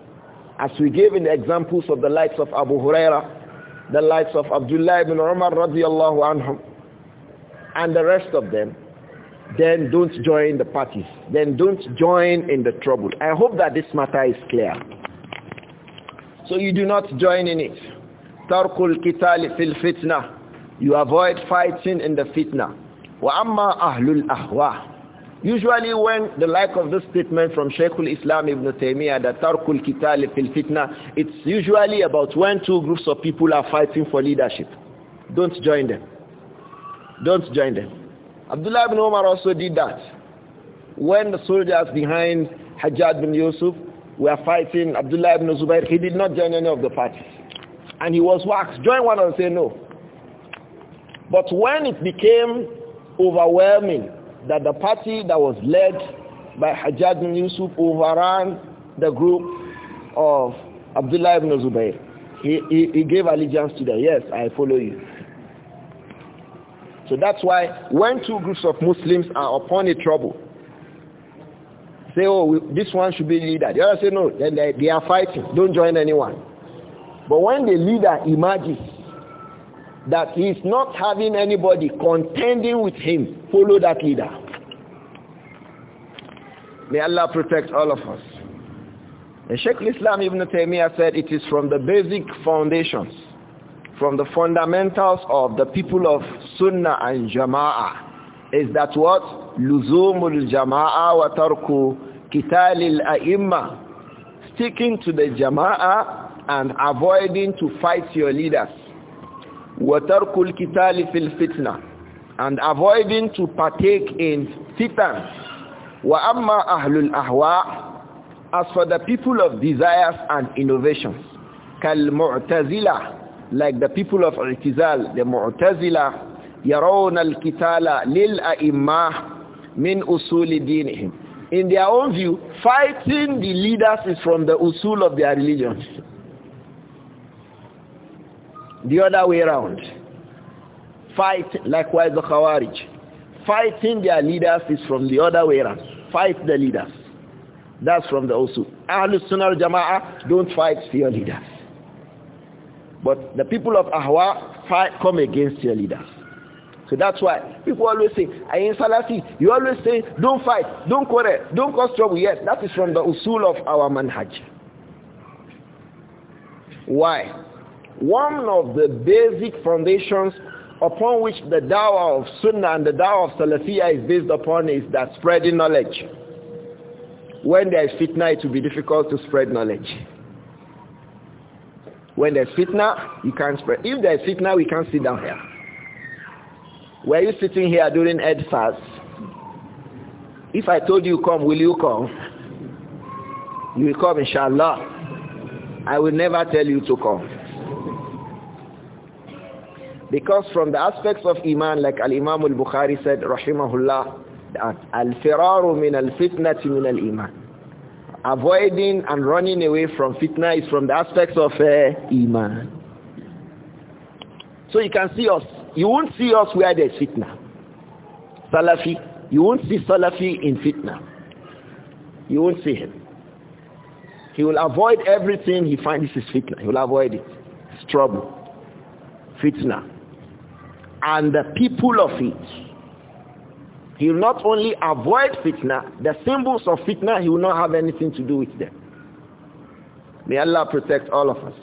As we gave in the examples of the likes of Abu Huraira the likes of Abdullah ibn Umar radiallahu anhum and the rest of them, then don't join the parties. Then don't join in the trouble. I hope that this matter is clear. So you do not join in it. Tarkul kital fil fitna. You avoid fighting in the fitna. Wa amma ahlul ahwa. Usually when the like of this statement from Sheikhul Islam Ibn Taymiyyah that Tarkul Kital fil Fitna, it's usually about when two groups of people are fighting for leadership. Don't join them. Don't join them. Abdullah ibn Omar also did that. When the soldiers behind Hajjaj bin Yusuf were fighting Abdullah ibn Zubair, he did not join any of the parties. And he was waxed. Join one and say no. But when it became overwhelming that the party that was led by Hajjaj bin Yusuf overran the group of Abdullah ibn Zubayr. He, he, he gave allegiance to them. Yes, I follow you. So that's why when two groups of Muslims are upon a trouble, say, oh, we, this one should be leader. The other say, no, then they, they are fighting. Don't join anyone. But when the leader emerges, that he is not having anybody contending with him follow that leader may Allah protect all of us and Sheikh Islam Ibn Taymiyyah said it is from the basic foundations from the fundamentals of the people of Sunnah and Jama'ah is that what luzumul Jama'ah wa tarku Kitālil a'imma sticking to the Jama'ah and avoiding to fight your leaders وَتَرْكُ الْكِتَالِ فِي الْفِتْنَةِ And avoiding to partake in fitan. وَأَمَّا أَهْلُ الْأَهْوَاءِ As for the people of desires and innovations, كَالْمُعْتَزِلَةِ Like the people of I'tizal, the Mu'tazila, يَرَوْنَ الْكِتَالَ lil مِنْ أُصُولِ دِينِهِمْ In their own view, fighting the leaders is from the usul of their religion the other way around fight likewise the khawarij fighting their leaders is from the other way around fight the leaders that's from the usul ahlus sunnah jamaa don't fight their leaders but the people of ahwa fight come against their leaders so that's why people always say ayin salafi you always say don't fight don't quarrel don't cause trouble yes that is from the usul of our manhaj why one of the basic foundations upon which the dawah of Sunnah and the dawah of salafia is based upon is that spreading knowledge. When there is fitna, it will be difficult to spread knowledge. When there's fitna, you can't spread. If there's fitna, we can't sit down here. Were you sitting here during fast? If I told you come, will you come? You will come, inshallah. I will never tell you to come. Because from the aspects of Iman, like Al-Imam al-Bukhari said, Rahimahullah, Al-firaru min al-fitnati min al-Iman. Avoiding and running away from fitna is from the aspects of uh, Iman. So you can see us. You won't see us where there's fitna. Salafi. You won't see Salafi in fitna. You won't see him. He will avoid everything he finds is fitna. He will avoid it. It's trouble. Fitna and the people of it. He will not only avoid fitna, the symbols of fitna, he will not have anything to do with them. May Allah protect all of us.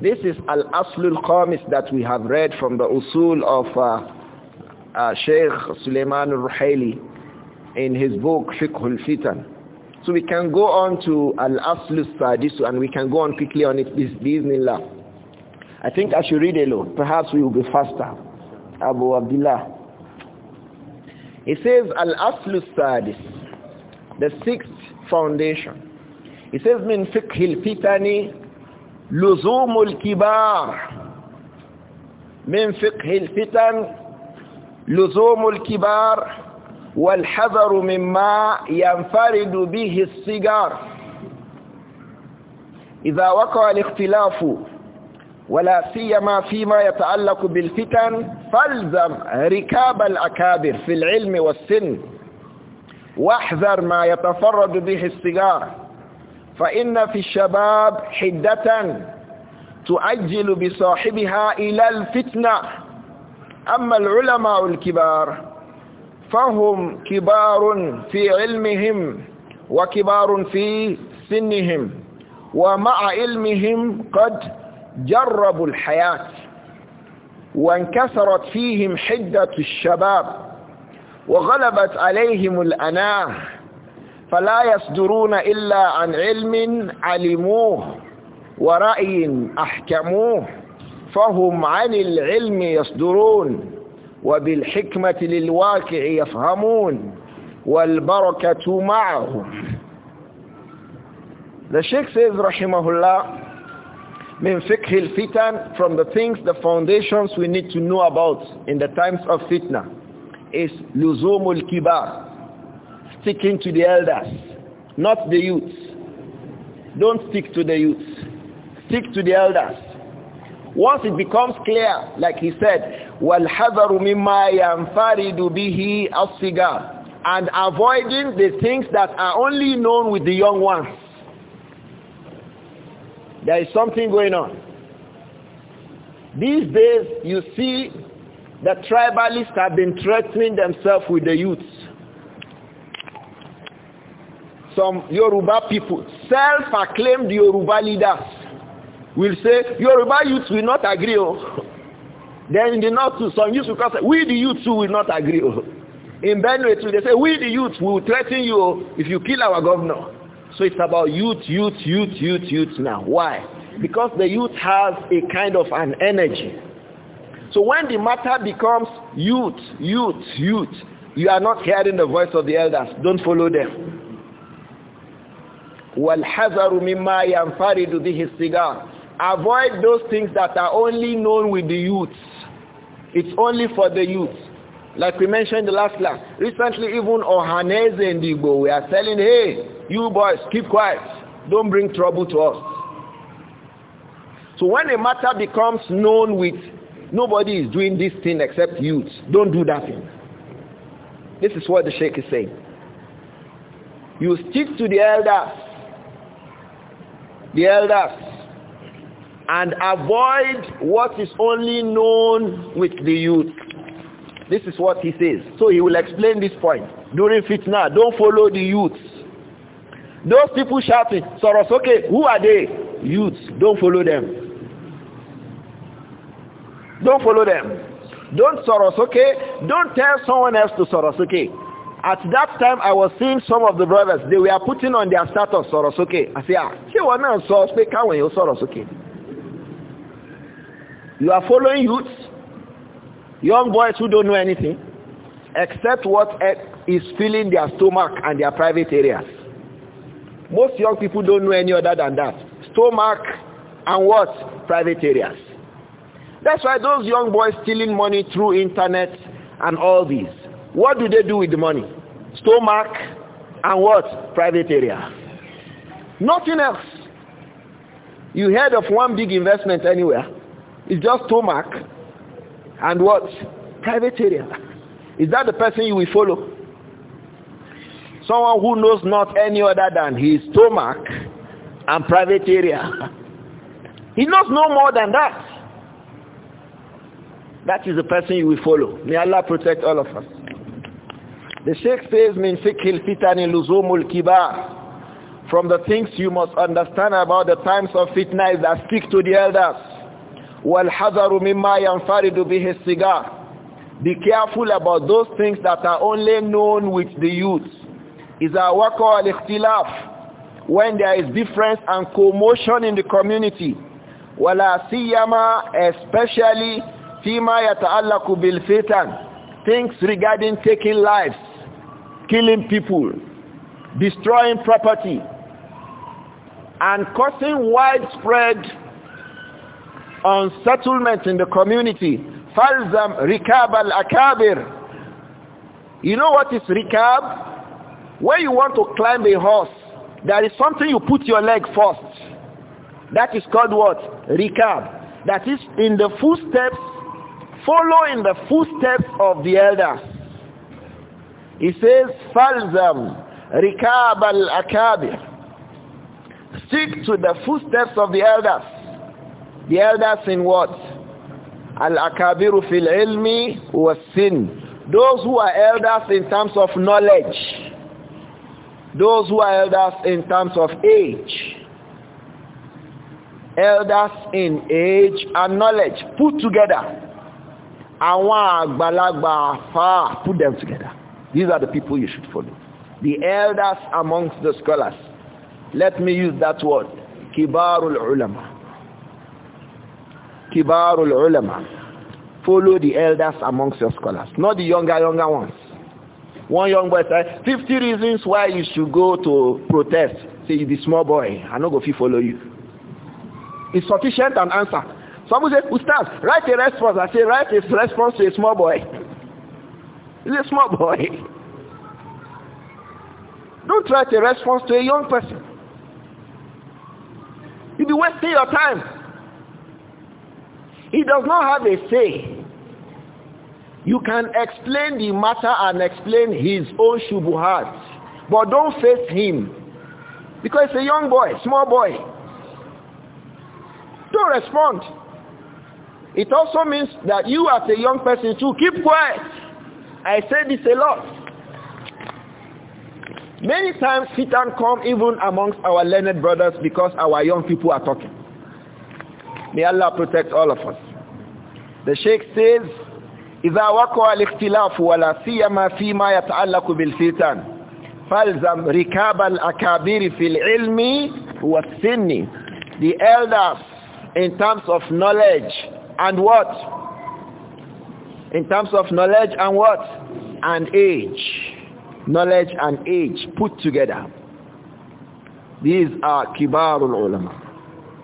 This is Al-Aslul Qamis that we have read from the Usul of uh, uh, Sheikh Suleiman al in his book Fiqh al-Fitan. So we can go on to Al-Aslul Sadisu and we can go on quickly on it, Bismillah. I think I should read alone. Perhaps we will be faster. Abu Abdullah. He says al-aslu sadis the sixth foundation. He says min fiqh al-fitani لزوم الكبار من fitan الفتن لزوم الكبار والحذر مما ينفرد به الصغار إذا وقع الاختلاف ولا سيما فيما يتعلق بالفتن فالزم ركاب الأكابر في العلم والسن واحذر ما يتفرد به السجار فإن في الشباب حدة تؤجل بصاحبها إلى الفتنة أما العلماء الكبار فهم كبار في علمهم وكبار في سنهم ومع علمهم قد جربوا الحياة وانكسرت فيهم حدة الشباب وغلبت عليهم الأناه فلا يصدرون إلا عن علم علموه ورأي أحكموه فهم عن العلم يصدرون وبالحكمة للواقع يفهمون والبركة معهم The Sheikh says رحمه الله min fiqhil from the things the foundations we need to know about in the times of fitna is luzumul kibar sticking to the elders not the youths don't stick to the youths stick to the elders once it becomes clear like he said wal hadaru mimma yanfaridu bihi as and avoiding the things that are only known with the young ones there is something going on. These days, you see the tribalists have been threatening themselves with the youths. Some Yoruba people, self-acclaimed Yoruba leaders, will say, Yoruba youths will not agree. Oh. Then in the north some youths will come say, we the youths will not agree. Oh. In Benue too, they say, we the youths will threaten you oh, if you kill our governor. So it's about youth, youth, youth, youth, youth now. Why? Because the youth has a kind of an energy. So when the matter becomes youth, youth, youth, you are not hearing the voice of the elders. Don't follow them. وَالْحَذَرُ مِمَّا يَنْفَرِدُ بِهِ السِّجَارِ Avoid those things that are only known with the youth. It's only for the youth. Like we mentioned the last class, recently even Ohaneze and Igbo are telling, hey, you boys, keep quiet. Don't bring trouble to us. So when a matter becomes known with nobody is doing this thing except youths, don't do that thing. This is what the Sheikh is saying. You stick to the elders. The elders. And avoid what is only known with the youth. This is what he says. So he will explain this point. During fitna, don't follow the youth. Those people shouting, Soros, okay, who are they? Youths, don't follow them. Don't follow them. Don't Soros, okay? Don't tell someone else to Soros, okay? At that time, I was seeing some of the brothers. They were putting on their status Soros, okay? I say, ah, you are now Soros, okay? Can't you Soros, okay? You are following youths, young boys who don't know anything, except what is filling their stomach and their private areas. Most young people don't know any other than that. Stomach and what? Private areas. That's why those young boys stealing money through internet and all these. What do they do with the money? Stomach and what? Private area. Nothing else. You heard of one big investment anywhere. It's just stomach and what? Private area. Is that the person you will follow? Someone who knows not any other than his stomach and private area. He knows no more than that. That is the person you will follow. May Allah protect all of us. The Sheikh says, Min fikhil fitani luzumul kibar. From the things you must understand about the times of fitna is that speak to the elders. Wal hazaru mimma yanfaridu bihi Be careful about those things that are only known with the youth. إذا وقع الاختلاف when there is difference and commotion in the community ولا سيما especially فيما يتعلق fitan things regarding taking lives killing people destroying property and causing widespread unsettlement in the community falzam rikab al-akabir you know what is rikab when you want to climb a horse, there is something you put your leg first. That is called what? Rikab. That is in the footsteps, follow in the footsteps of the elders. He says, Falzam, Rikab al-Akabir. Stick to the footsteps of the elders. The elders in what? Al-Akabiru fil ilmi was sin. Those who are elders in terms of knowledge those who are elders in terms of age elders in age and knowledge put together àgbàlagbà put them together these are the people you should follow the elders amongst the scholars let me use that word kibarul ulama kibarul ulama follow the elders amongst your scholars not the younger younger ones One young boy say fifty reasons why you should go to protest. Say, you the small boy. I no go fit follow you. It's sufficient an answer. Somebody say, Ustaz, write a response. I say, write a response to a small boy. He's a small boy. Don't write a response to a young person. You be wasting your time. He does not have a say You can explain the matter and explain his own shubuhat. But don't face him. Because he's a young boy, small boy. Don't respond. It also means that you as a young person too, keep quiet. I say this a lot. Many times fitan come even amongst our learned brothers because our young people are talking. May Allah protect all of us. The Sheikh says, إذا وقع الاختلاف ولا سيما فيما يتعلق بالفتن فالزم ركاب الأكابر في العلم والسن the elders in terms of knowledge and what in terms of knowledge and what and age knowledge and age put together these are kibarul ulama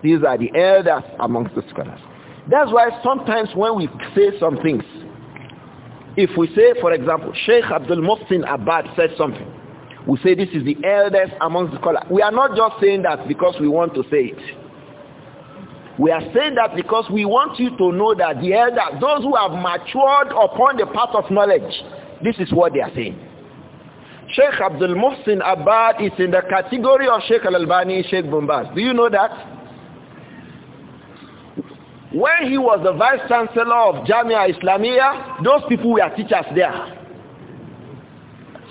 these are the elders amongst the scholars that's why sometimes when we say some things if we say, for example, Sheikh Abdul Muhsin Abad said something, we say this is the eldest amongst the scholars. We are not just saying that because we want to say it. We are saying that because we want you to know that the elders, those who have matured upon the path of knowledge, this is what they are saying. Sheikh Abdul Muhsin Abad is in the category of Sheikh Al-Albani, Sheikh Bombaz. Do you know that? When he was the vice chancellor of Jamia Islamia, those people were teachers there.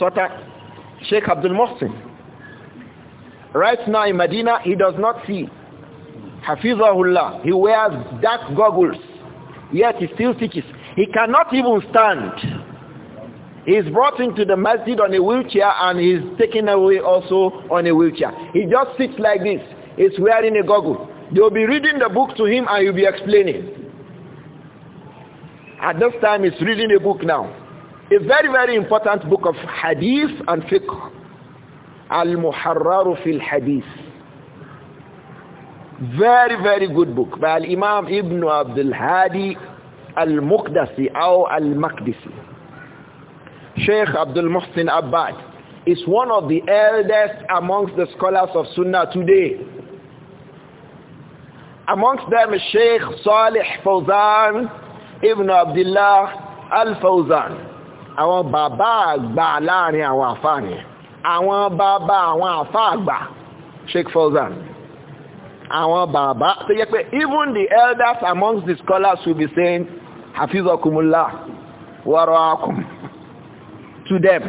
Sota Sheikh Abdul Mohsin. Right now in Medina, he does not see. Hafizahullah. He wears dark goggles. Yet he still teaches. He cannot even stand. He is brought into the masjid on a wheelchair and he is taken away also on a wheelchair. He just sits like this. He's wearing a goggle. You'll be reading the book to him and you'll be explaining. At this time, he's reading a book now. A very, very important book of hadith and fiqh. Al-Muharraru fil Hadith. Very, very good book by Imam Ibn Abdul Hadi Al-Muqdasi or Al-Maqdisi. Sheikh Abdul Muhsin Abbad is one of the eldest amongst the scholars of Sunnah today. Amongst them Sheikh Salih Fawzan Ibn Abdullah Al-Fawzan. Àwọn bàbá àgbà láàrin àwọn àfáà ni. Àwọn bàbá àwọn àfáà àgbà Sheikh Fawzan. Àwọn bàbá tó yẹ pé even the elders amongst the scholars will be saying Hafizakumullah wa ra'akum to them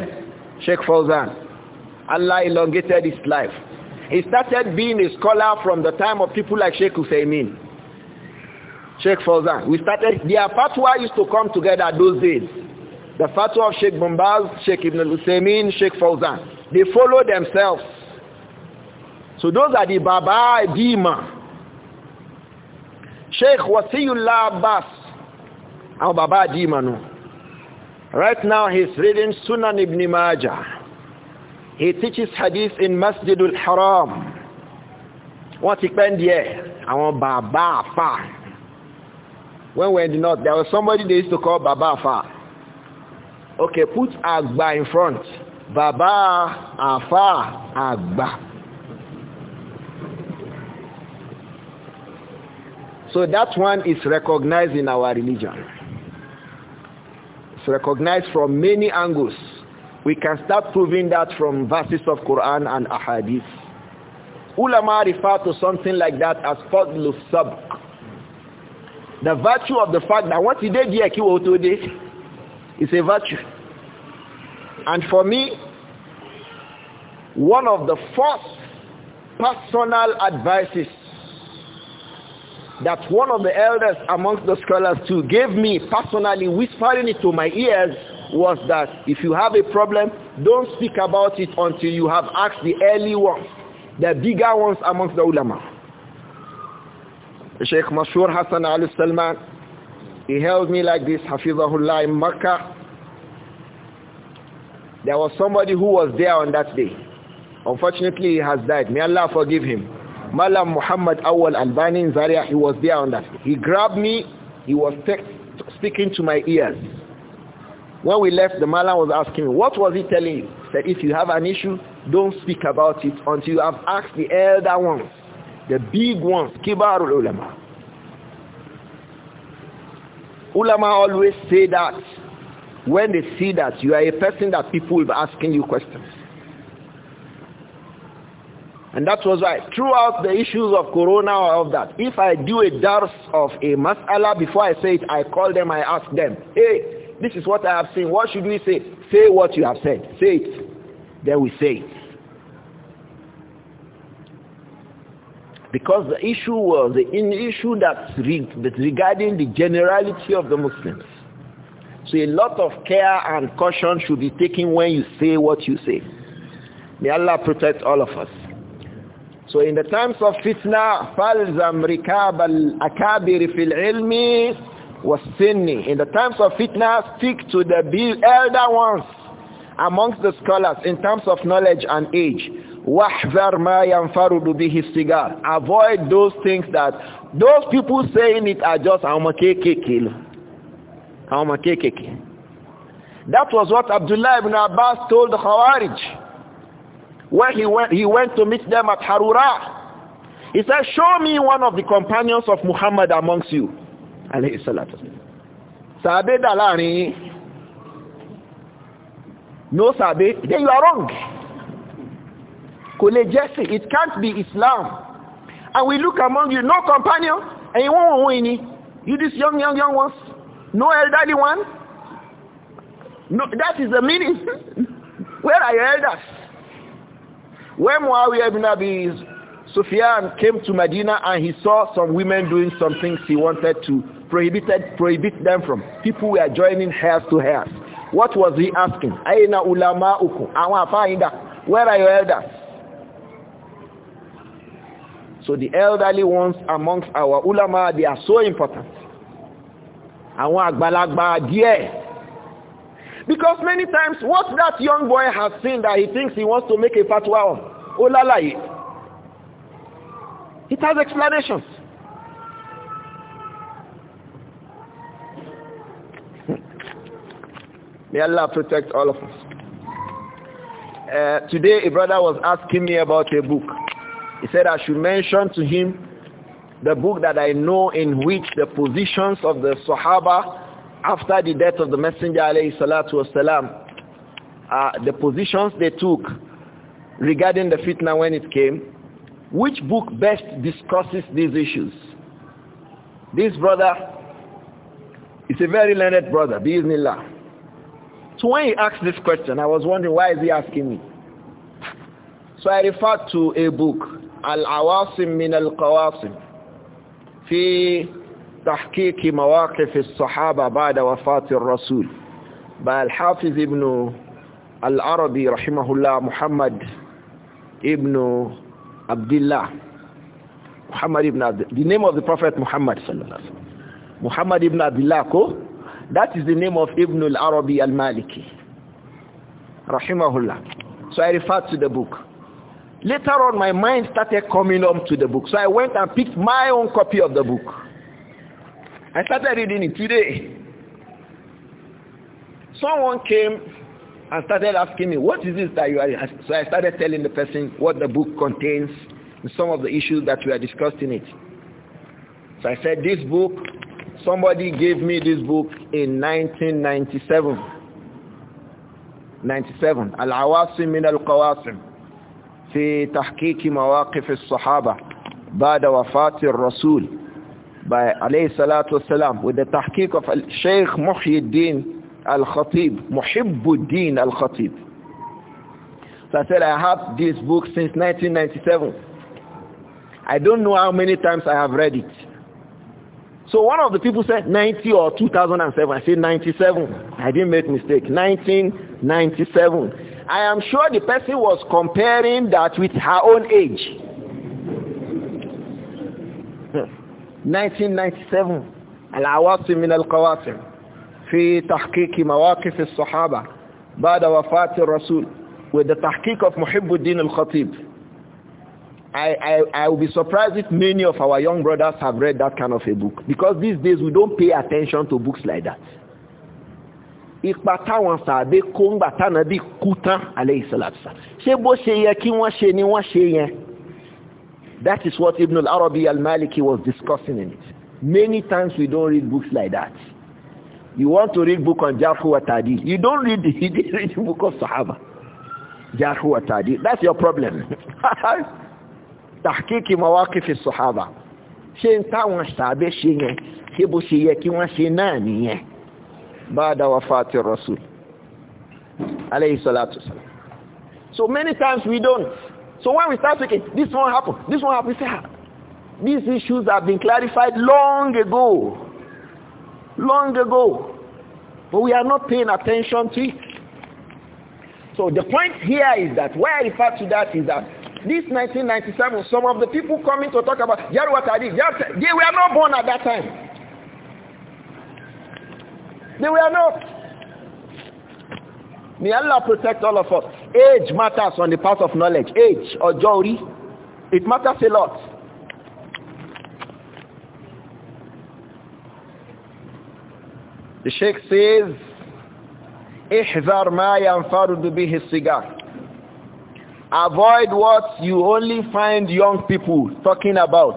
Sheikh Fawzan. Allah elongated his life. He started being a scholar from the time of people like Sheikh Hussein. Sheikh Fawzan. We started, their fatwa used to come together those days. The fatwa of Sheikh Bombaz, Sheikh Ibn al Sheikh Fawzan. They follow themselves. So those are the Baba Dima. Sheikh Wasiullah Abbas. Our Baba Dima no. Right now he's reading Sunan Ibn Majah. he teaches hadith in masjid al-haram wọ́n ti pẹ́ díẹ̀ àwọn bàbá àfà when we were in the north there was somebody they used to call bàbá àfà okay put àgbà in front bàbá àfà àgbà so that one is recognized in our religion it's recognized from many angles We can start proving that from verses of Quran and Ahadith. Ulama refer to something like that as fadlu sabq. The virtue of the fact that what he did here, Kiwo today, is a virtue. And for me, one of the first personal advices that one of the elders amongst the scholars too gave me personally, whispering it to my ears, was that if you have a problem, don't speak about it until you have asked the early ones, the bigger ones amongst the ulama. Sheikh Mashur Hassan Al Salman, he held me like this, Hafizahullah in Makkah. There was somebody who was there on that day. Unfortunately, he has died. May Allah forgive him. Malam Muhammad Awal Albani in Zaria, he was there on that. He grabbed me, he was speaking to my ears. When we left, the Malam was asking me, what was he telling you? He said, if you have an issue, don't speak about it until you have asked the elder ones, the big ones, Kibarul Ulama. Ulama always say that when they see that you are a person that people will be asking you questions. And that was why throughout the issues of corona or of that, if I do a dars of a mas'ala before I say it, I call them, I ask them, hey, this is what I have seen. What should we say? Say what you have said. Say it. Then we say it. Because the issue was the issue that's regarding the generality of the Muslims. So a lot of care and caution should be taken when you say what you say. May Allah protect all of us. So in the times of fitna, فَالْزَمْ رِكَابَ الْأَكَابِرِ فِي الْعِلْمِ was sinning. In the times of fitna, speak to the elder ones amongst the scholars in terms of knowledge and age. Avoid those things that those people saying it are just أَوْمَكَيْكَيْكِلُ أَوْمَكَيْكَيْكِ That was what Abdullah ibn Abbas told the Khawarij when he went, he went to meet them at Harura. He said, show me one of the companions of Muhammad amongst you. alayhi salatu sàbẹ́ dà láàrin no sàbẹ́ then you are wrong kò lè jẹ́sìn it can't be Islam and we look among you no companion and you wọ́n wọ́n ni you this young young young ones no elderly one no that is the meaning where are your elders when Muawiya ibn Abi Sufyan came to Medina and he saw some women doing some things he wanted to prohibited prohibit them from. People were joining hands to hands What was he asking? Aina ulama'ukum? Awon afainda. Where are your elders? So the elderly ones amongst our ulama, they are so important. Àwọn àgbàlagbà díẹ̀. Because many times what that young boy has seen that he thinks he wants to make a fatwa on, ó It has explanations. May Allah protect all of us. Uh, today a brother was asking me about a book. He said I should mention to him the book that I know in which the positions of the Sahaba after the death of the Messenger alayhi salatu wasalam, uh, the positions they took regarding the fitna when it came, which book best discusses these issues? This brother is a very learned brother, bismillah. So when he asked this question, I was wondering, why is he asking me? So I referred to a book, Al-Awasim min al-Qawasim, في تحقيق al الصحابة بعد وفاة الرسول by Al-Hafiz ibn Al-Arabi rahimahullah Muhammad ibn Abdullah Muhammad ibn Abdullah the name of the Prophet Muhammad sallallahu alaihi wasallam Muhammad ibn Abdullah ko that is the name of Ibn al-Arabi al-Maliki. Rahimahullah. So I referred to the book. Later on, my mind started coming up to the book. So I went and picked my own copy of the book. I started reading it today. Someone came and started asking me, what is this that you are... So I started telling the person what the book contains and some of the issues that we are discussing it. So I said, this book Somebody gave me this book in 1997. 97. Al-Awasim min al-Qawasim. في تحقيق مواقف الصحابة بعد وفاة Rasul, by عليه الصلاة والسلام with the Tahqiq of الشيخ Muhyiddin al الخطيب محب al الخطيب so I said I have this book since 1997 I don't know how many times I have read it so one of the people said 90 or 2007. I said 97. I didn't make mistake. 1997. I am sure the person was comparing that with her own age. 1997 العواصم من القواسم في تحقيق مواقف الصحابة بعد وفاة الرسول with the تحقيق of محب الدين الخطيب I, I, I will be surprised if many of our young brothers have read that kind of a book. Because these days we don't pay attention to books like that. ipa táwọn tánà bí ṣé bó ṣe yẹ kí wọ́n ṣe ni wọ́n ṣe yẹn that is what ibn al-arabi al-maliki was discussing in it many times we don't read books like that you want to read book on jarh wa you don't read the, hidden read the book of sahaba jarh wa that's your problem tàkíkì mọ́wákìfì sọ̀hábà ṣé ń táwọn sàbẹ́ ṣe yẹn ṣé bó ṣe yẹ kí wọ́n ṣe náà nìyẹn ba'da wafati rasul alayhi salatu wasalam so many times we don't so when we start thinking this won't happen this won't happen say ah, these issues have been clarified long ago long ago but we are not paying attention to it so the point here is that why I refer to that is that This 1997, some of the people coming to talk about Yarwa Tadi, they were not born at that time. They were not. May Allah protect all of us. Age matters on the path of knowledge. Age or jewelry, it matters a lot. The Sheikh says, احذر ما ينفرد به السجار Avoid what you only find young people talking about,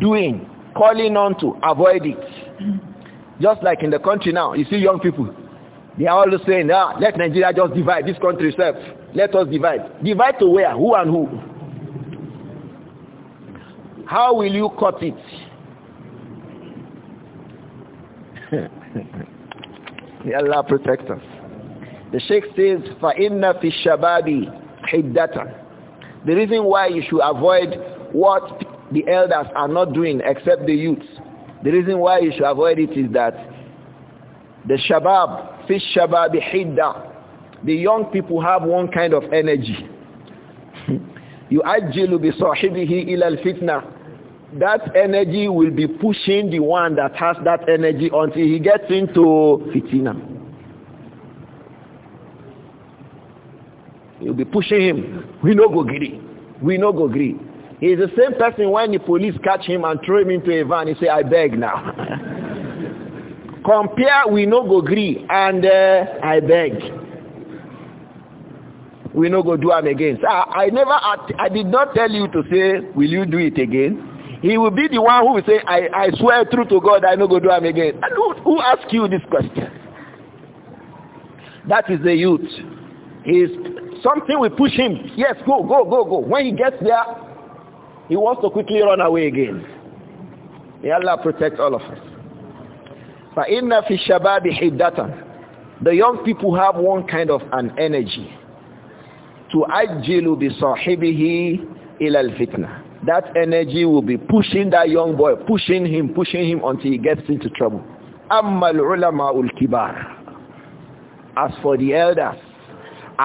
doing, calling on to. Avoid it. Just like in the country now, you see young people. They are always saying, ah, let Nigeria just divide this country itself. Let us divide. Divide to where? Who and who? How will you cut it? May Allah protect us. The Sheikh says, فَإِنَّ فِي الشَّبَابِ hiddatan. The reason why you should avoid what the elders are not doing except the youths. The reason why you should avoid it is that the shabab, fish shabab hidda, the young people have one kind of energy. You be بصاحبه ilal fitna that energy will be pushing the one that has that energy until he gets into fitna you'll be pushing him we no go gree we no go gree he is the same person when the police catch him and throw him into a van he say i beg now compare we no go gree and uh, i beg we no go do am again so I, I never I, I did not tell you to say will you do it again he will be the one who will say i i swear true to god i no go do am again and who, who ask you this question that is the youth he is something will push him. Yes, go, go, go, go. When he gets there, he wants to quickly run away again. May Allah protect all of us. فَإِنَّ فِي الشَّبَابِ حِدَّةً The young people have one kind of an energy. تُعَجِّلُ بِصَاحِبِهِ إِلَى الْفِتْنَةِ That energy will be pushing that young boy, pushing him, pushing him until he gets into trouble. أَمَّا الْعُلَمَاءُ الْكِبَارِ As for the elders,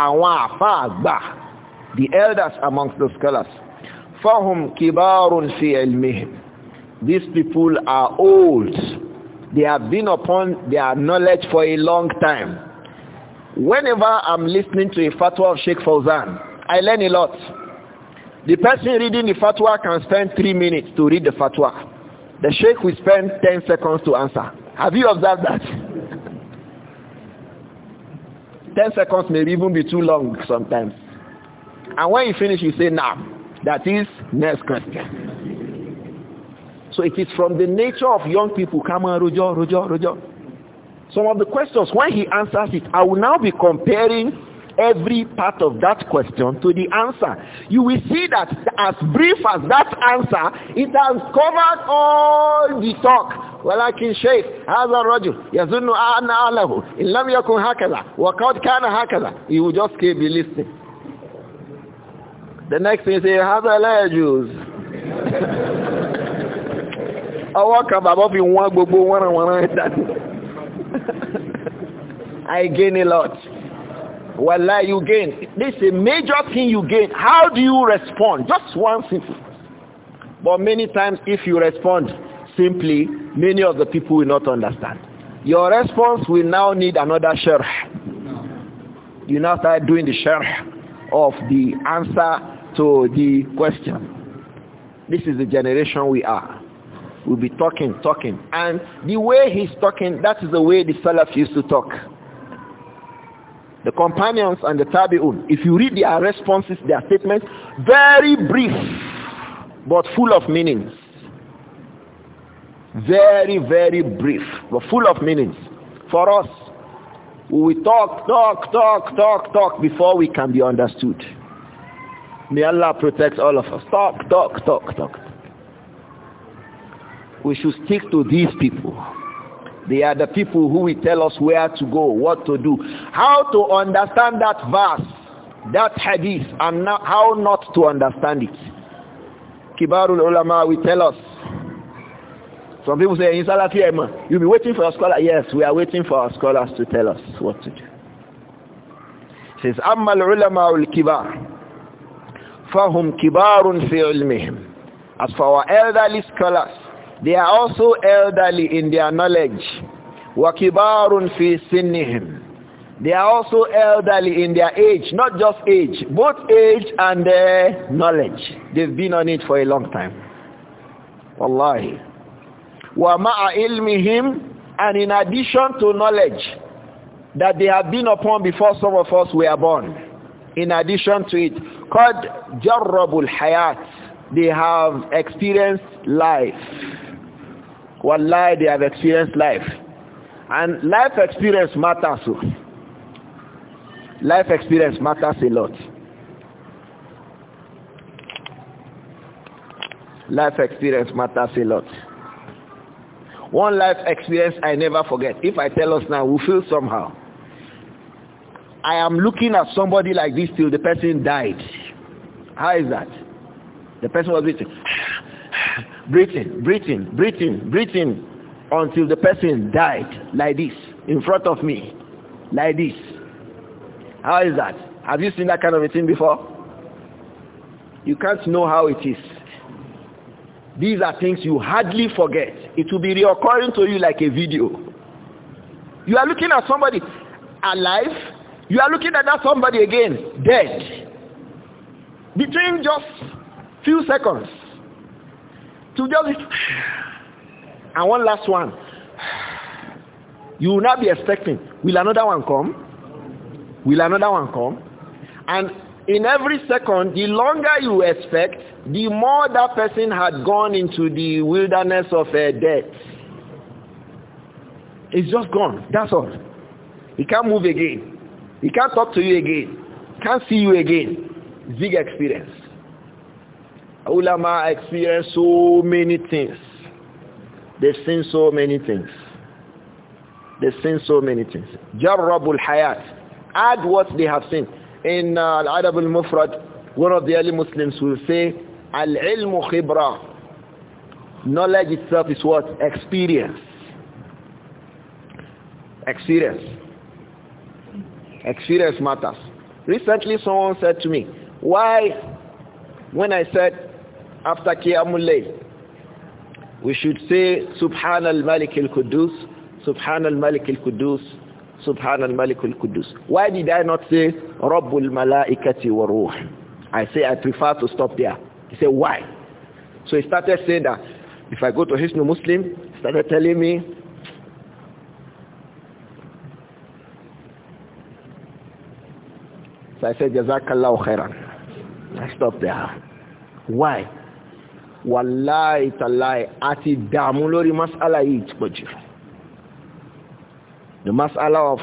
àwọn àfá àgbà the elders amongst the scholars fahum kibarun si ilmihim these people are old they have been upon their knowledge for a long time whenever i'm listening to a fatwa of sheikh fawzan i learn a lot the person reading the fatwa can spend three minutes to read the fatwa the sheikh will spend 10 seconds to answer have you observed that 10 seconds may even be too long sometimes. And when you finish, you say, now, nah. that is next question. So it is from the nature of young people, come on, Rojo, Rojo, Rojo. Some of the questions, when he answers it, I will now be comparing every part of that question to the answer. You will see that as brief as that answer, it has covered all the talk ولكن شيخ هذا الرجل يظن أن أهله إن لم يكن هكذا وقد كان هكذا you just keep listening the next thing say هذا لا يجوز ọwọ́ kan bàbá fi wọ́n gbogbo wọ́nranwọ́nran ìdájú I gain a lot Wallah, you gain this a major thing you gain how do you respond just one simple but many times if you respond simply many of the people will not understand. Your response will now need another sharh. You now start doing the sharh of the answer to the question. This is the generation we are. We'll be talking, talking. And the way he's talking, that is the way the Salaf used to talk. The companions and the Tabi'un, if you read their responses, their statements, very brief, but full of meanings very, very brief, but full of meanings. For us, we talk, talk, talk, talk, talk before we can be understood. May Allah protect all of us. Talk, talk, talk, talk. We should stick to these people. They are the people who will tell us where to go, what to do, how to understand that verse, that hadith, and how not to understand it. Kibarul ulama will tell us some people say, in Salati you'll be waiting for a scholar. Yes, we are waiting for our scholars to tell us what to do. He says, أَمَّا الْعُلَمَاءُ kibar, fahum kibarun fi عِلْمِهِمْ As for our elderly scholars, they are also elderly in their knowledge. وَكِبَارٌ fi sinnihim. They are also elderly in their age, not just age, both age and their knowledge. They've been on it for a long time. Wallahi wa ma'a ilmihim and in addition to knowledge that they have been upon before some of us were born in addition to it qad jarrabul hayat they have experienced life wallahi they have experienced life and life experience matters oh. life experience matters a lot life experience matters a lot one life experience I never forget. If I tell us now, we feel somehow. I am looking at somebody like this till the person died. How is that? The person was breathing, breathing, breathing, breathing, breathing until the person died like this in front of me, like this. How is that? Have you seen that kind of a thing before? You can't know how it is. These are things you hardly forget. It will be reoccurring to you like a video. You are looking at somebody alive. You are looking at that somebody again, dead. Between just few seconds. To just... And one last one. You will not be expecting. Will another one come? Will another one come? And in every second, the longer you expect, the more that person had gone into the wilderness of uh, death. It's just gone. That's all. He can't move again. He can't talk to you again. Can't see you again. Big experience. Ulama experienced so many things. They've seen so many things. They've seen so many things. Jabrabul Hayat. Add what they have seen. In uh, Al-Adab al-Mufrad, one of the early Muslims will say, العلم خبرة. Knowledge itself is what? Experience. Experience. Experience matters. Recently someone said to me, why when I said after Qiyamul Layl, we should say Subhan al-Malik al-Quddus, Subhan al-Malik al-Quddus, Subhan al-Malik al-Quddus. Why did I not say Rabbul Malaikati wa Ruh? I say I prefer to stop there. He said, why? So he started saying that if I go to his new Muslim, started telling me, so I said, Jazakallah khairan. I stopped there. Why? Wallahi talai ati damu lori mas'ala yi tipoju. The mas'ala of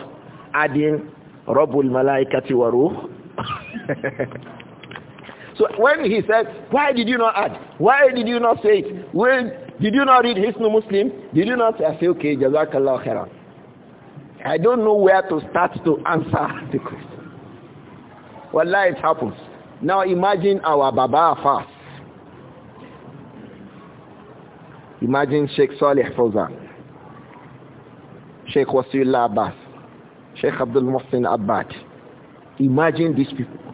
adding Rabbul Malaikati wa So when he said, why did you not add? Why did you not say it? When, did you not read Hisnu Muslim? Did you not? I say, okay, Jazakallah khairan. I don't know where to start to answer the question. Well, it happens. Now imagine our Baba fast. Imagine Sheikh Salih Fawzan. Sheikh Wasiullah Abbas. Sheikh Abdul Muhsin Abbad. Imagine these people.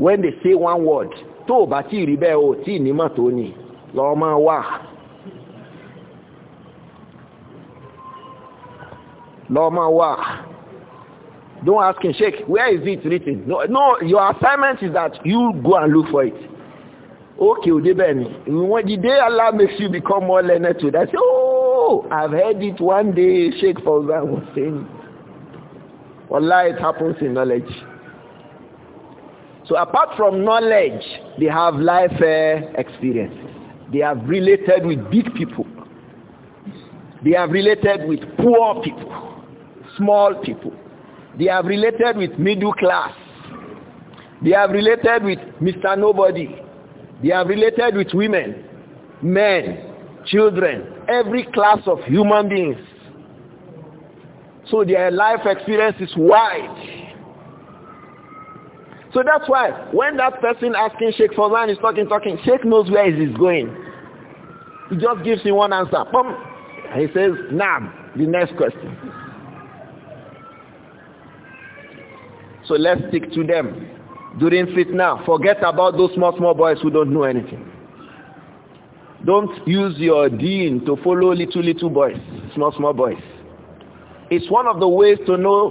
when they say one word tó o bá tí ì rí bẹ́ẹ̀ o tí ì nímọ̀ tó ni lọ́ọ́ máa wà lọ́ọ́ máa wà don't ask him sheikh where is it written no no your assignment is that you go and look for it okay o débẹ̀ ni when the day Allah makes you become more learned to that say oh I've heard it one day sheikh Fauzan was saying wallahi it happens in knowledge So apart from knowledge, they have life uh, They have related with big people. They have related with poor people, small people. They have related with middle class. They have related with Mr. Nobody. They have related with women, men, children, every class of human beings. So their life experience is wide. So that's why when that person asking Sheikh Fawzan is talking, talking, Sheikh knows where he is going. He just gives him one answer. Boom. He says, Nam, the next question. So let's stick to them. During fitna, forget about those small, small boys who don't know anything. Don't use your deen to follow little, little boys, small, small boys. It's one of the ways to know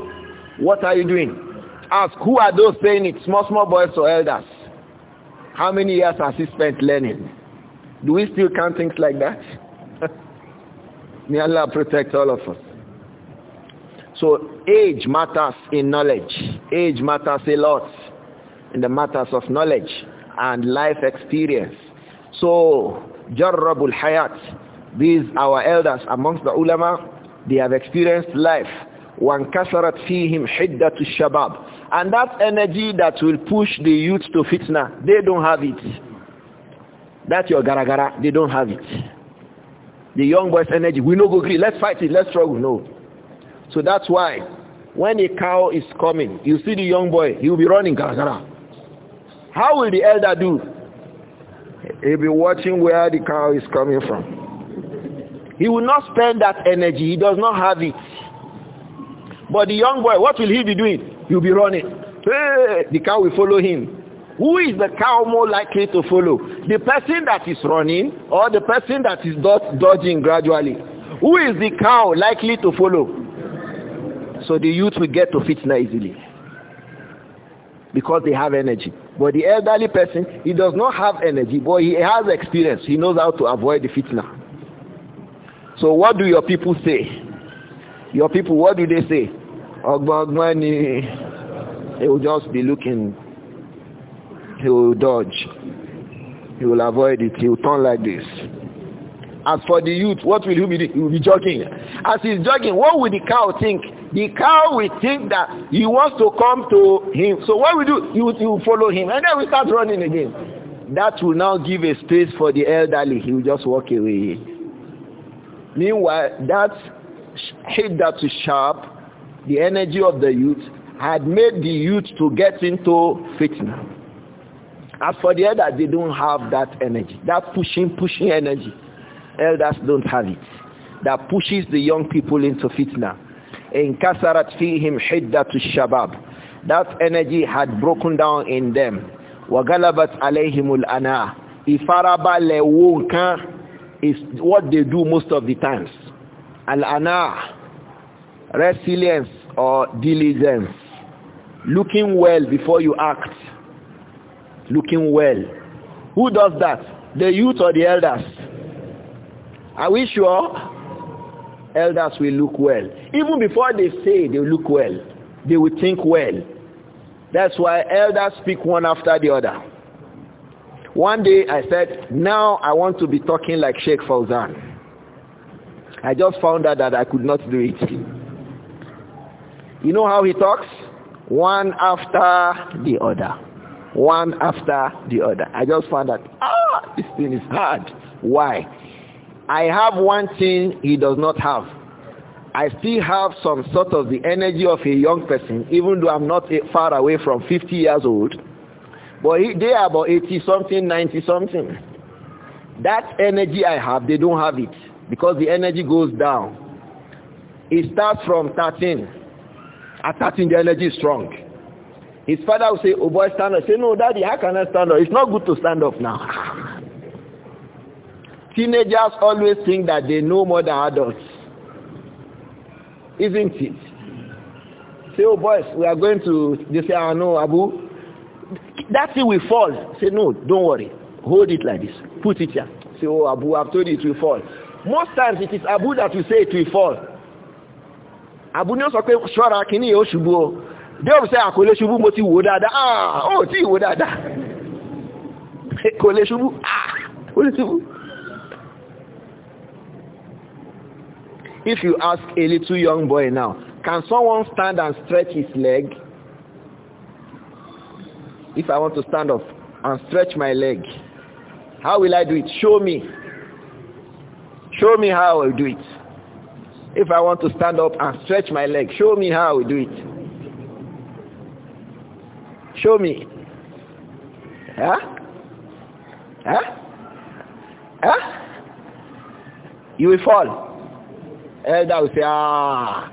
what are you doing ask, who are those saying it? Small, small boys or elders? How many years has he spent learning? Do we still count things like that? May Allah protect all of us. So age matters in knowledge. Age matters a lot in the matters of knowledge and life experience. So Jarrabul Hayat, these our elders amongst the ulama, they have experienced life. وَانْكَسَرَتْ فِيهِمْ حِدَّةُ الشَّبَابِ and that energy that will push the youth to fitna, they don't have it. That's your garagara. They don't have it. The young boy's energy, we no go agree. Let's fight it. Let's struggle. No. So that's why when a cow is coming, you see the young boy, he will be running garagara. How will the elder do? He'll be watching where the cow is coming from. He will not spend that energy. He does not have it. But the young boy, what will he be doing? You'll be running. Hey, the cow will follow him. Who is the cow more likely to follow? The person that is running or the person that is dodging gradually? Who is the cow likely to follow? So the youth will get to fitna easily because they have energy. But the elderly person, he does not have energy, but he has experience. He knows how to avoid the fitna. So what do your people say? Your people, what do they say? Ogbogmani, he will just be looking. He will dodge. He will avoid it. He will turn like this. As for the youth, what will he be doing? He will be jogging. As he's jogging, what will the cow think? The cow will think that he wants to come to him. So what will do? He will, he will follow him. And then we start running again. That will now give a space for the elderly. He will just walk away. Meanwhile, that head that sharp the energy of the youth had made the youth to get into fitna. As for the elders, they don't have that energy. That pushing, pushing energy. Elders don't have it. That pushes the young people into fitna. In kasarat fihim hiddatu shabab. That energy had broken down in them. وَغَلَبَتْ عَلَيْهِمُ ana Ifarabalẹ̀ wo nǹkan is what they do most of the times. Al-ana resilience or diligence looking well before you act looking well who does that the youth or the elders are we sure elders will look well even before they say they look well they will think well that's why elders speak one after the other one day i said now i want to be talking like sheikh fauzan i just found out that i could not do it you know how he talks? One after the other. One after the other. I just found that, ah, this thing is hard. Why? I have one thing he does not have. I still have some sort of the energy of a young person, even though I'm not far away from 50 years old. But they are about 80 something, 90 something. That energy I have, they don't have it because the energy goes down. It starts from 13. attaching the energy strong. His father will say, oh boy, stand up. Say, no, daddy, how can I stand up? It's not good to stand up now. Teenagers always think that they know more than adults. Isn't it? Say, oh boys, we are going to, they say, I oh, ah, know, Abu. That thing will fall. Say, no, don't worry. Hold it like this. Put it here. Say, oh, Abu, I've told you it will fall. Most times it is Abu that will say it will fall àbú ní ó sọ pé ṣọ́ra kìíní yóò ṣubú o dé òrùsẹ́ àkọlé ṣubú mo ti wò dáadáa ah ó tí ìwò dáadáa kò lè ṣubú ó lè ṣubú if you ask a little young boy now can someone stand and stretch his leg if I want to stand up and stretch my leg how will I do it show me show me how I do it If I want to stand up and stretch my leg, show me how we do it. Show me. Huh? Huh? Huh? You will fall. Elder will say, ah,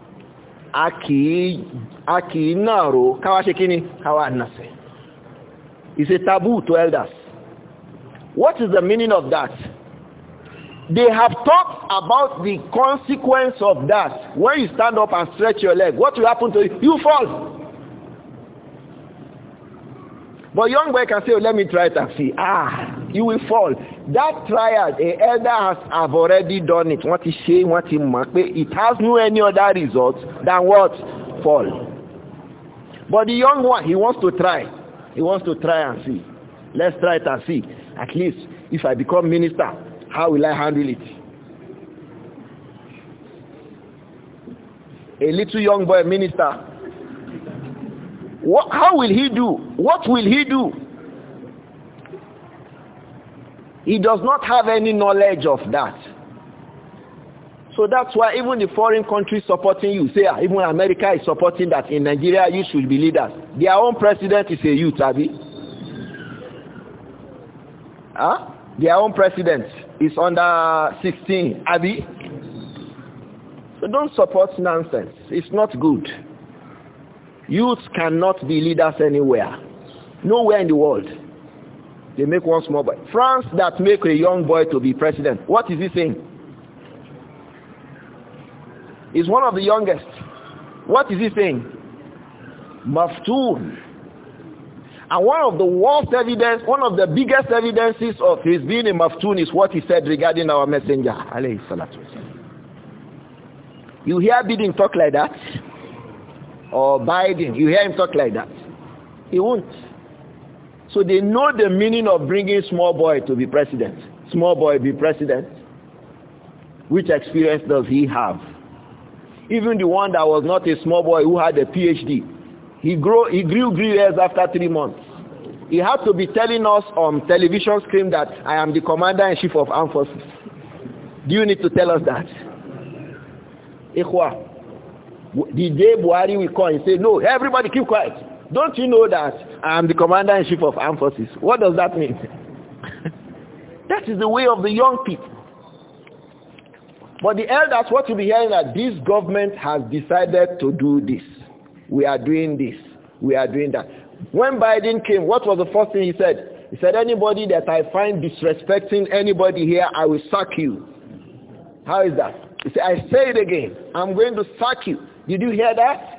aki, aki naro kawashikini ro, It's a taboo to elders. What is the meaning of that? They have talked about the consequence of that. When you stand up and stretch your leg, what will happen to you? You fall. But young boy can say, oh, let me try it and see. Ah, you will fall. That trial, the elder has have already done it. What he she, what he mark? It has no any other result than what? Fall. But the young one, he wants to try. He wants to try and see. Let's try it and see. At least if I become minister, How will I handle it? A little young boy minister. What, how will he do? What will he do? He does not have any knowledge of that. So that's why even the foreign countries supporting you, say ah, even America is supporting that in Nigeria you should be leaders. Their own president is a youth, Abi. Huh? Their own president is under 16, Abi. So don't support nonsense. It's not good. Youth cannot be leaders anywhere. Nowhere in the world. They make one small boy. France that make a young boy to be president. What is he saying? He's one of the youngest. What is he saying? Maftoon. And one of the worst evidence, one of the biggest evidences of his being a maftun is what he said regarding our messenger. You hear Biden talk like that? Or Biden, you hear him talk like that? He won't. So they know the meaning of bringing small boy to be president. Small boy be president. Which experience does he have? Even the one that was not a small boy who had a PhD, he grew, he grew three years after three months. He had to be telling us on television screen that I am the commander-in-chief of armed forces. Do you need to tell us that? Ikhwa. The day Buhari will call and say, no, everybody keep quiet. Don't you know that I am the commander-in-chief of armed forces? What does that mean? that is the way of the young people. But the elders, what you'll be hearing that this government has decided to do this. We are doing this. We are doing that. When Biden came, what was the first thing he said? He said, anybody that I find disrespecting anybody here, I will sack you. How is that? He said, I say it again. I'm going to sack you. Did you hear that?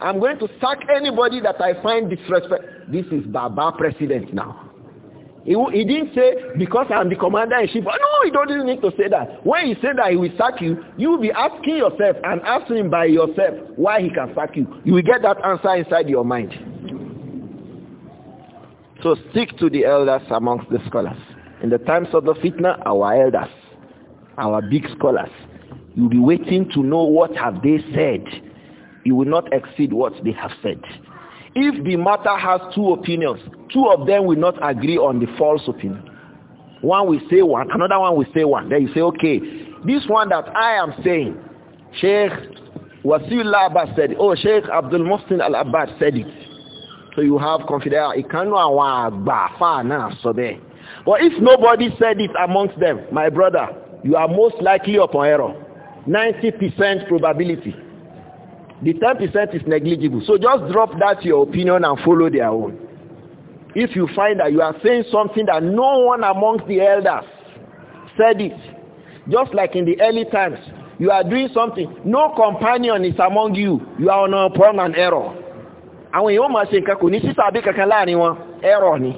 I'm going to sack anybody that I find disrespect. This is Baba president now. He, he didn't say, because I'm the commander-in-chief. No, he doesn't need to say that. When he said that he will sack you, you will be asking yourself and asking by yourself why he can sack you. You will get that answer inside your mind. So stick to the elders amongst the scholars. In the times of the fitna, our elders, our big scholars, you'll be waiting to know what have they said. You will not exceed what they have said. if the matter has two opinions, two of them will not agree on the false opinion. One will say one, another one will say one. Then you say, okay, this one that I am saying, Sheikh Wasiullah Abbas said it. Oh, Sheikh Abdul Mustin Al-Abbas said it. So you have confidence. It cannot so But if nobody said it amongst them, my brother, you are most likely upon error. 90% probability. The ten percent is negligible. So just drop that your opinion and follow their own. If you find that you are saying something that no one amongst the elders said it, just like in the early times, you are doing something, no companion is among you. You are on a problem and error. Àwọn èèyàn máa ṣe nǹkan kò ní sísà bí kankan láàrin wọn, error ni.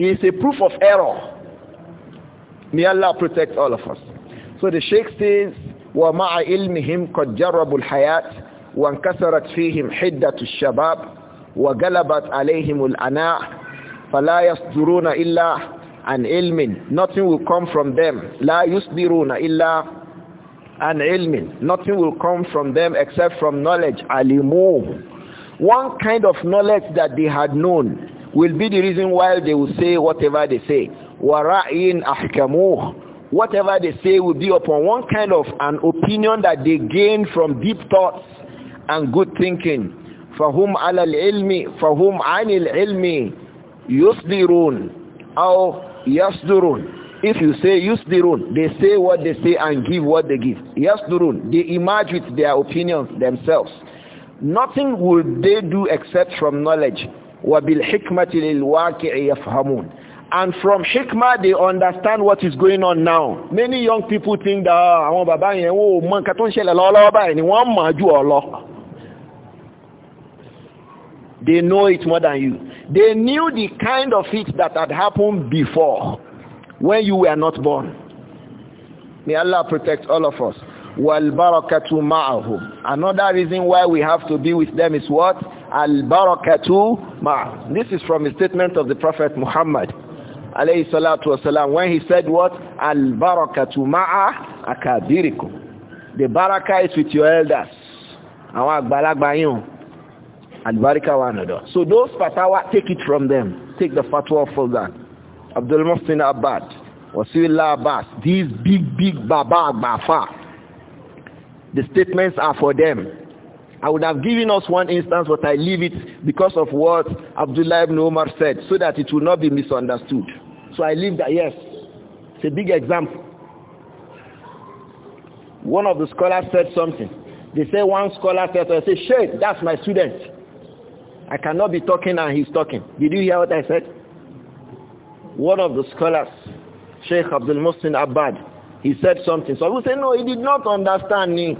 It is a proof of error. May Allah protect all of us. So the Sheikh says, ومع علمهم قد جربوا الحياة وانكسرت فيهم حدة الشباب وغلبت عليهم الأناء فلا يصدرون إلا عن علم nothing will come from them لا يصدرون إلا عن علم nothing will come from them except from knowledge علموه one kind of knowledge that they had known will be the reason why they will say whatever they say wara'in أحكموه whatever they say will be upon one kind of an opinion that they gain from deep thoughts and good thinking. فهم على العلم فهم عن العلم يصدرون أو يصدرون if you say yusdirun they say what they say and give what they give yasdurun they emerge with their opinions themselves nothing will they do except from knowledge وبالحكمة للواقع يفهمون and from hikmah they understand what is going on now many young people think that ah, àwọn bàbá yẹn wọ́n ò mọ nǹkan tó ń ṣẹlẹ̀ lọ́wọ́lọ́wọ́ ni wọ́n mọ̀ ju ọ they know it more than you they knew the kind of it that had happened before when you were not born may Allah protect all of us walbarakatu ma'ahum another reason why we have to be with them is what al barakatu ma this is from a statement of the prophet muhammad alayhi salatu wasalam, when he said what? Al-barakatu ma'a akabirikum. The baraka is with your elders. Àwọn àgbàlagbà yín. Al-baraka wa another. So those fatwa take it from them. Take the fatwa from them. Abdul Muftin Abad, Wasilullah Abbas, these big, big Baba Agbafa. The statements are for them. I would have given us one instance, but I leave it because of what Abdullah ibn Omar said, so that it will not be misunderstood. So I leave that, yes. It's a big example. One of the scholars said something. They say one scholar said, I say, Sheikh, that's my student. I cannot be talking and he's talking. Did you hear what I said? One of the scholars, Sheikh Abdul Muslim Abad, he said something. So I will say, no, he did not understand me.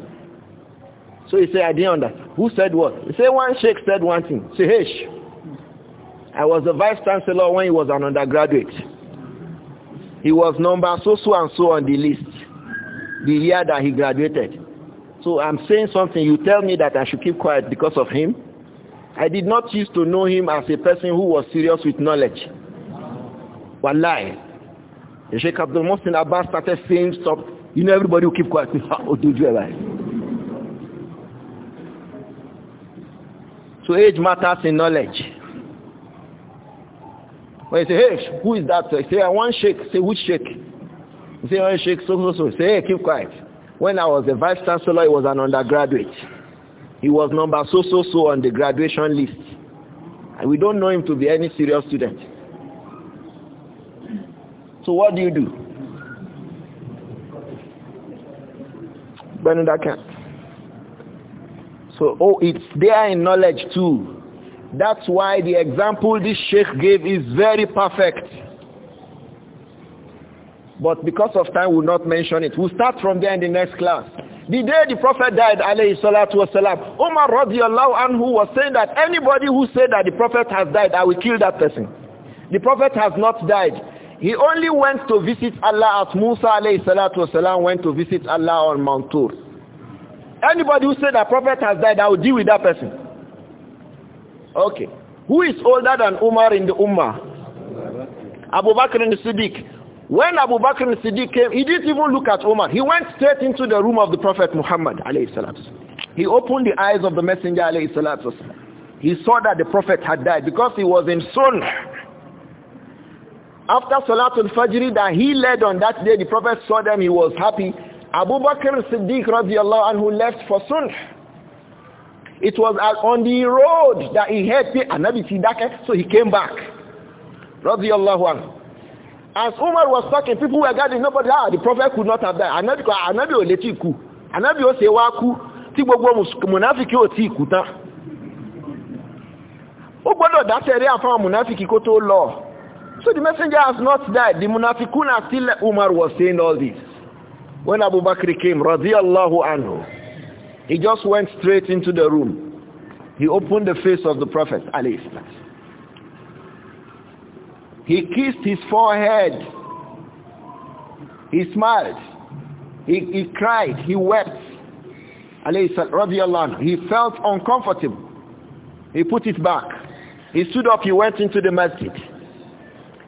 So he said, I didn't understand. Who said what? He said, one sheikh said one thing. Say, hey, I was the vice chancellor when he was an undergraduate. he was number so so and so on the list the year that he graduated so i'm saying something you tell me that i should keep quiet because of him i did not used to know him as a person who was serious with knowledge wallahi the sheikh abdul muslim abbas started saying stop, you know everybody will keep quiet Oh, you so age matters in knowledge When you say, hey, who is that? I say, I want shake." Say, which shake? You say, want oh, shake." so, so, so. Say, hey, keep quiet. When I was the vice chancellor, he was an undergraduate. He was number so, so, so on the graduation list. And we don't know him to be any serious student. So what do you do? Bernard can't. So, oh, it's there in knowledge too. That's why the example this sheikh gave is very perfect. But because of time, we'll not mention it. We'll start from there in the next class. The day the Prophet died, alayhi salatu wasalam, Umar radiallahu anhu was saying that anybody who said that the Prophet has died, I will kill that person. The Prophet has not died. He only went to visit Allah as Musa alayhi salatu wasalam went to visit Allah on Mount Tur. Anybody who said that Prophet has died, I will deal with that person. Okay. Who is older than Umar in the Ummah? Abu Bakr and Siddiq. When Abu Bakr and Siddiq came, he didn't even look at Umar. He went straight into the room of the Prophet Muhammad He opened the eyes of the Messenger He saw that the Prophet had died because he was in sun. After Salatul Fajr that he led on that day, the Prophet saw them, he was happy. Abu Bakr Siddiq radiallahu anhu left for Sunnah. It was on the road that he heard Anabi ti dákẹ́, so he came back. Radiyallahu anhu. As Umar was talking, people were gathering, nobody, ah, the prophet could not have died. Anabi, Anabi ò lè Anabi ó ṣe wá kú, tí gbogbo O ò ti kú tán. Ó gbọ́dọ̀ dáṣẹ̀rí àfáwọn mùnáfíkì kó tó lọ. So the messenger has not died. The munafiqun are still, Umar was saying all this. When Abu Bakr came, radiyallahu anhu, He just went straight into the room. He opened the face of the Prophet He kissed his forehead. He smiled. He, he cried. He wept. He felt uncomfortable. He put it back. He stood up. He went into the masjid.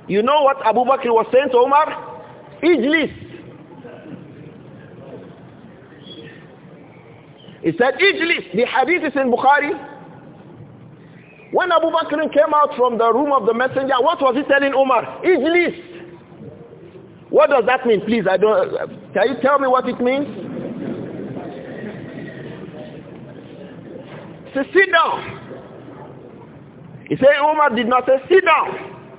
You know what Abu Bakr was saying to Omar? Ijlis. He said, Ijlis, the hadith is in Bukhari. When Abu Bakr came out from the room of the messenger, what was he telling Umar? Ijlis. What does that mean? Please, I don't, uh, can you tell me what it means? Say, sit down. He said, Umar did not say, sit down.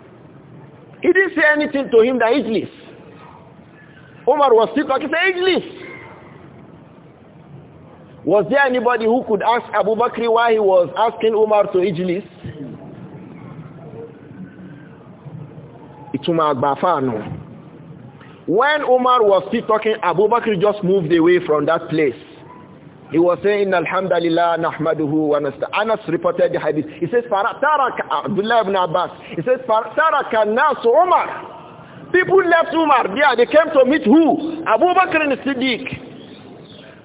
He didn't say anything to him that Ijlis. Umar was still talking, said, Ijlis. Was there anybody who could ask Abu Bakr why he was asking Umar to Ijlis? Ituma Agbafa no. When Umar was still talking, Abu Bakr just moved away from that place. He was saying, Alhamdulillah, nahmaduhu Anas reported the hadith. He says, Taraka, Abdullah ibn Abbas. He says, Taraka nasu Umar. People left Umar. Yeah, they came to meet who? Abu Bakr and Siddiq.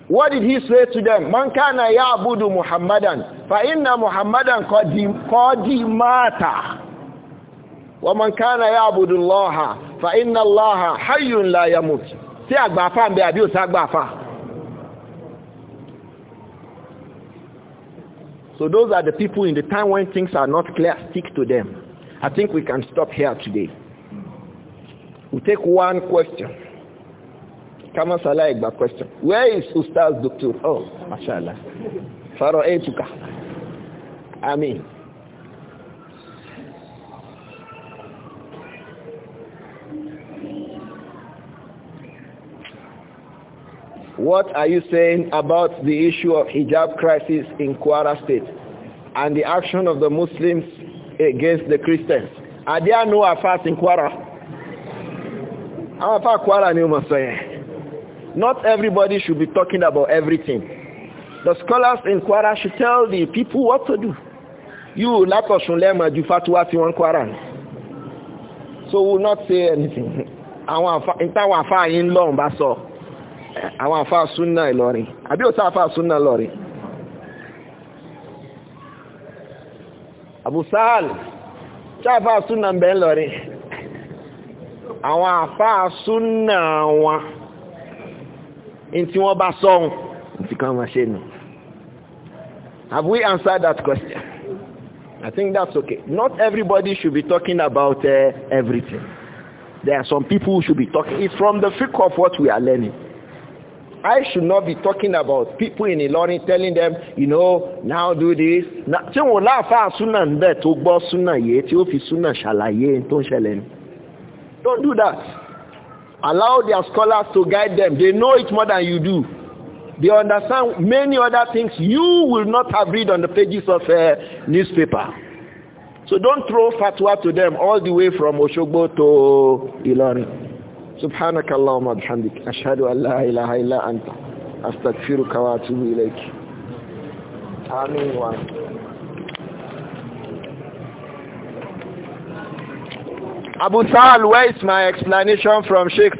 What did he say to them? Man kana ya'budu Muhammadan fa inna Muhammadan qad mata. Wa man kana ya'budu Allah fa inna Allah hayyun la yamut. Tí àgbà fa ńbẹ àbí ó ta àgbà fa. So those are the people in the time when things are not clear stick to them. I think we can stop here today. We we'll take one question. Kama Salah Igba question. Where is Ustaz Doctor? Oh, mashallah. Fara'aytuka. Eh, Ameen. What are you saying about the issue of hijab crisis in Kwara state and the action of the Muslims against the Christians? Are there no affairs in Kwara? Àwọn afá Kwara ni ó mọ̀ yẹn. Not everybody should be talking about everything. The scholars in Kwara should tell the people what to do. You, Latoshun shunlema you fatwa ti one Kwara. So we will not say anything. Àwọn àfà, in táwọn àfà yìí ń lọ́rùn bá sọ, àwọn àfà súnà Ìlọrin. Àbí òsà àfà súnà lori? Abu Sahal, ṣáfà súnà ń lori. I want àfà súnà one in tí wọ́n bá sọ́hun tí kan máa ṣe nù have we answered that question I think that's okay not everybody should be talking about uh, everything there are some people who should be talking it's from the fiqh of what we are learning I should not be talking about people in Ilorin telling them, you know, now do this. Tí wọ́n láàfáà súnà ń bẹ̀ tó gbọ́ súnà yìí tí ó fi súnà ṣàlàyé tó ń ṣẹlẹ̀ ni. Don't do that. Allow their scholars to guide them. They know it more than you do. They understand many other things you will not have read on the pages of a uh, newspaper. So don't throw fatwa to them all the way from Oshogbo to Ilorin. سبحانك اللهم وبحمدك أشهد أن لا إله إلا أنت أستغفرك وأتوب إليك آمين وأنت Abu Sal, where is my explanation from Sheikh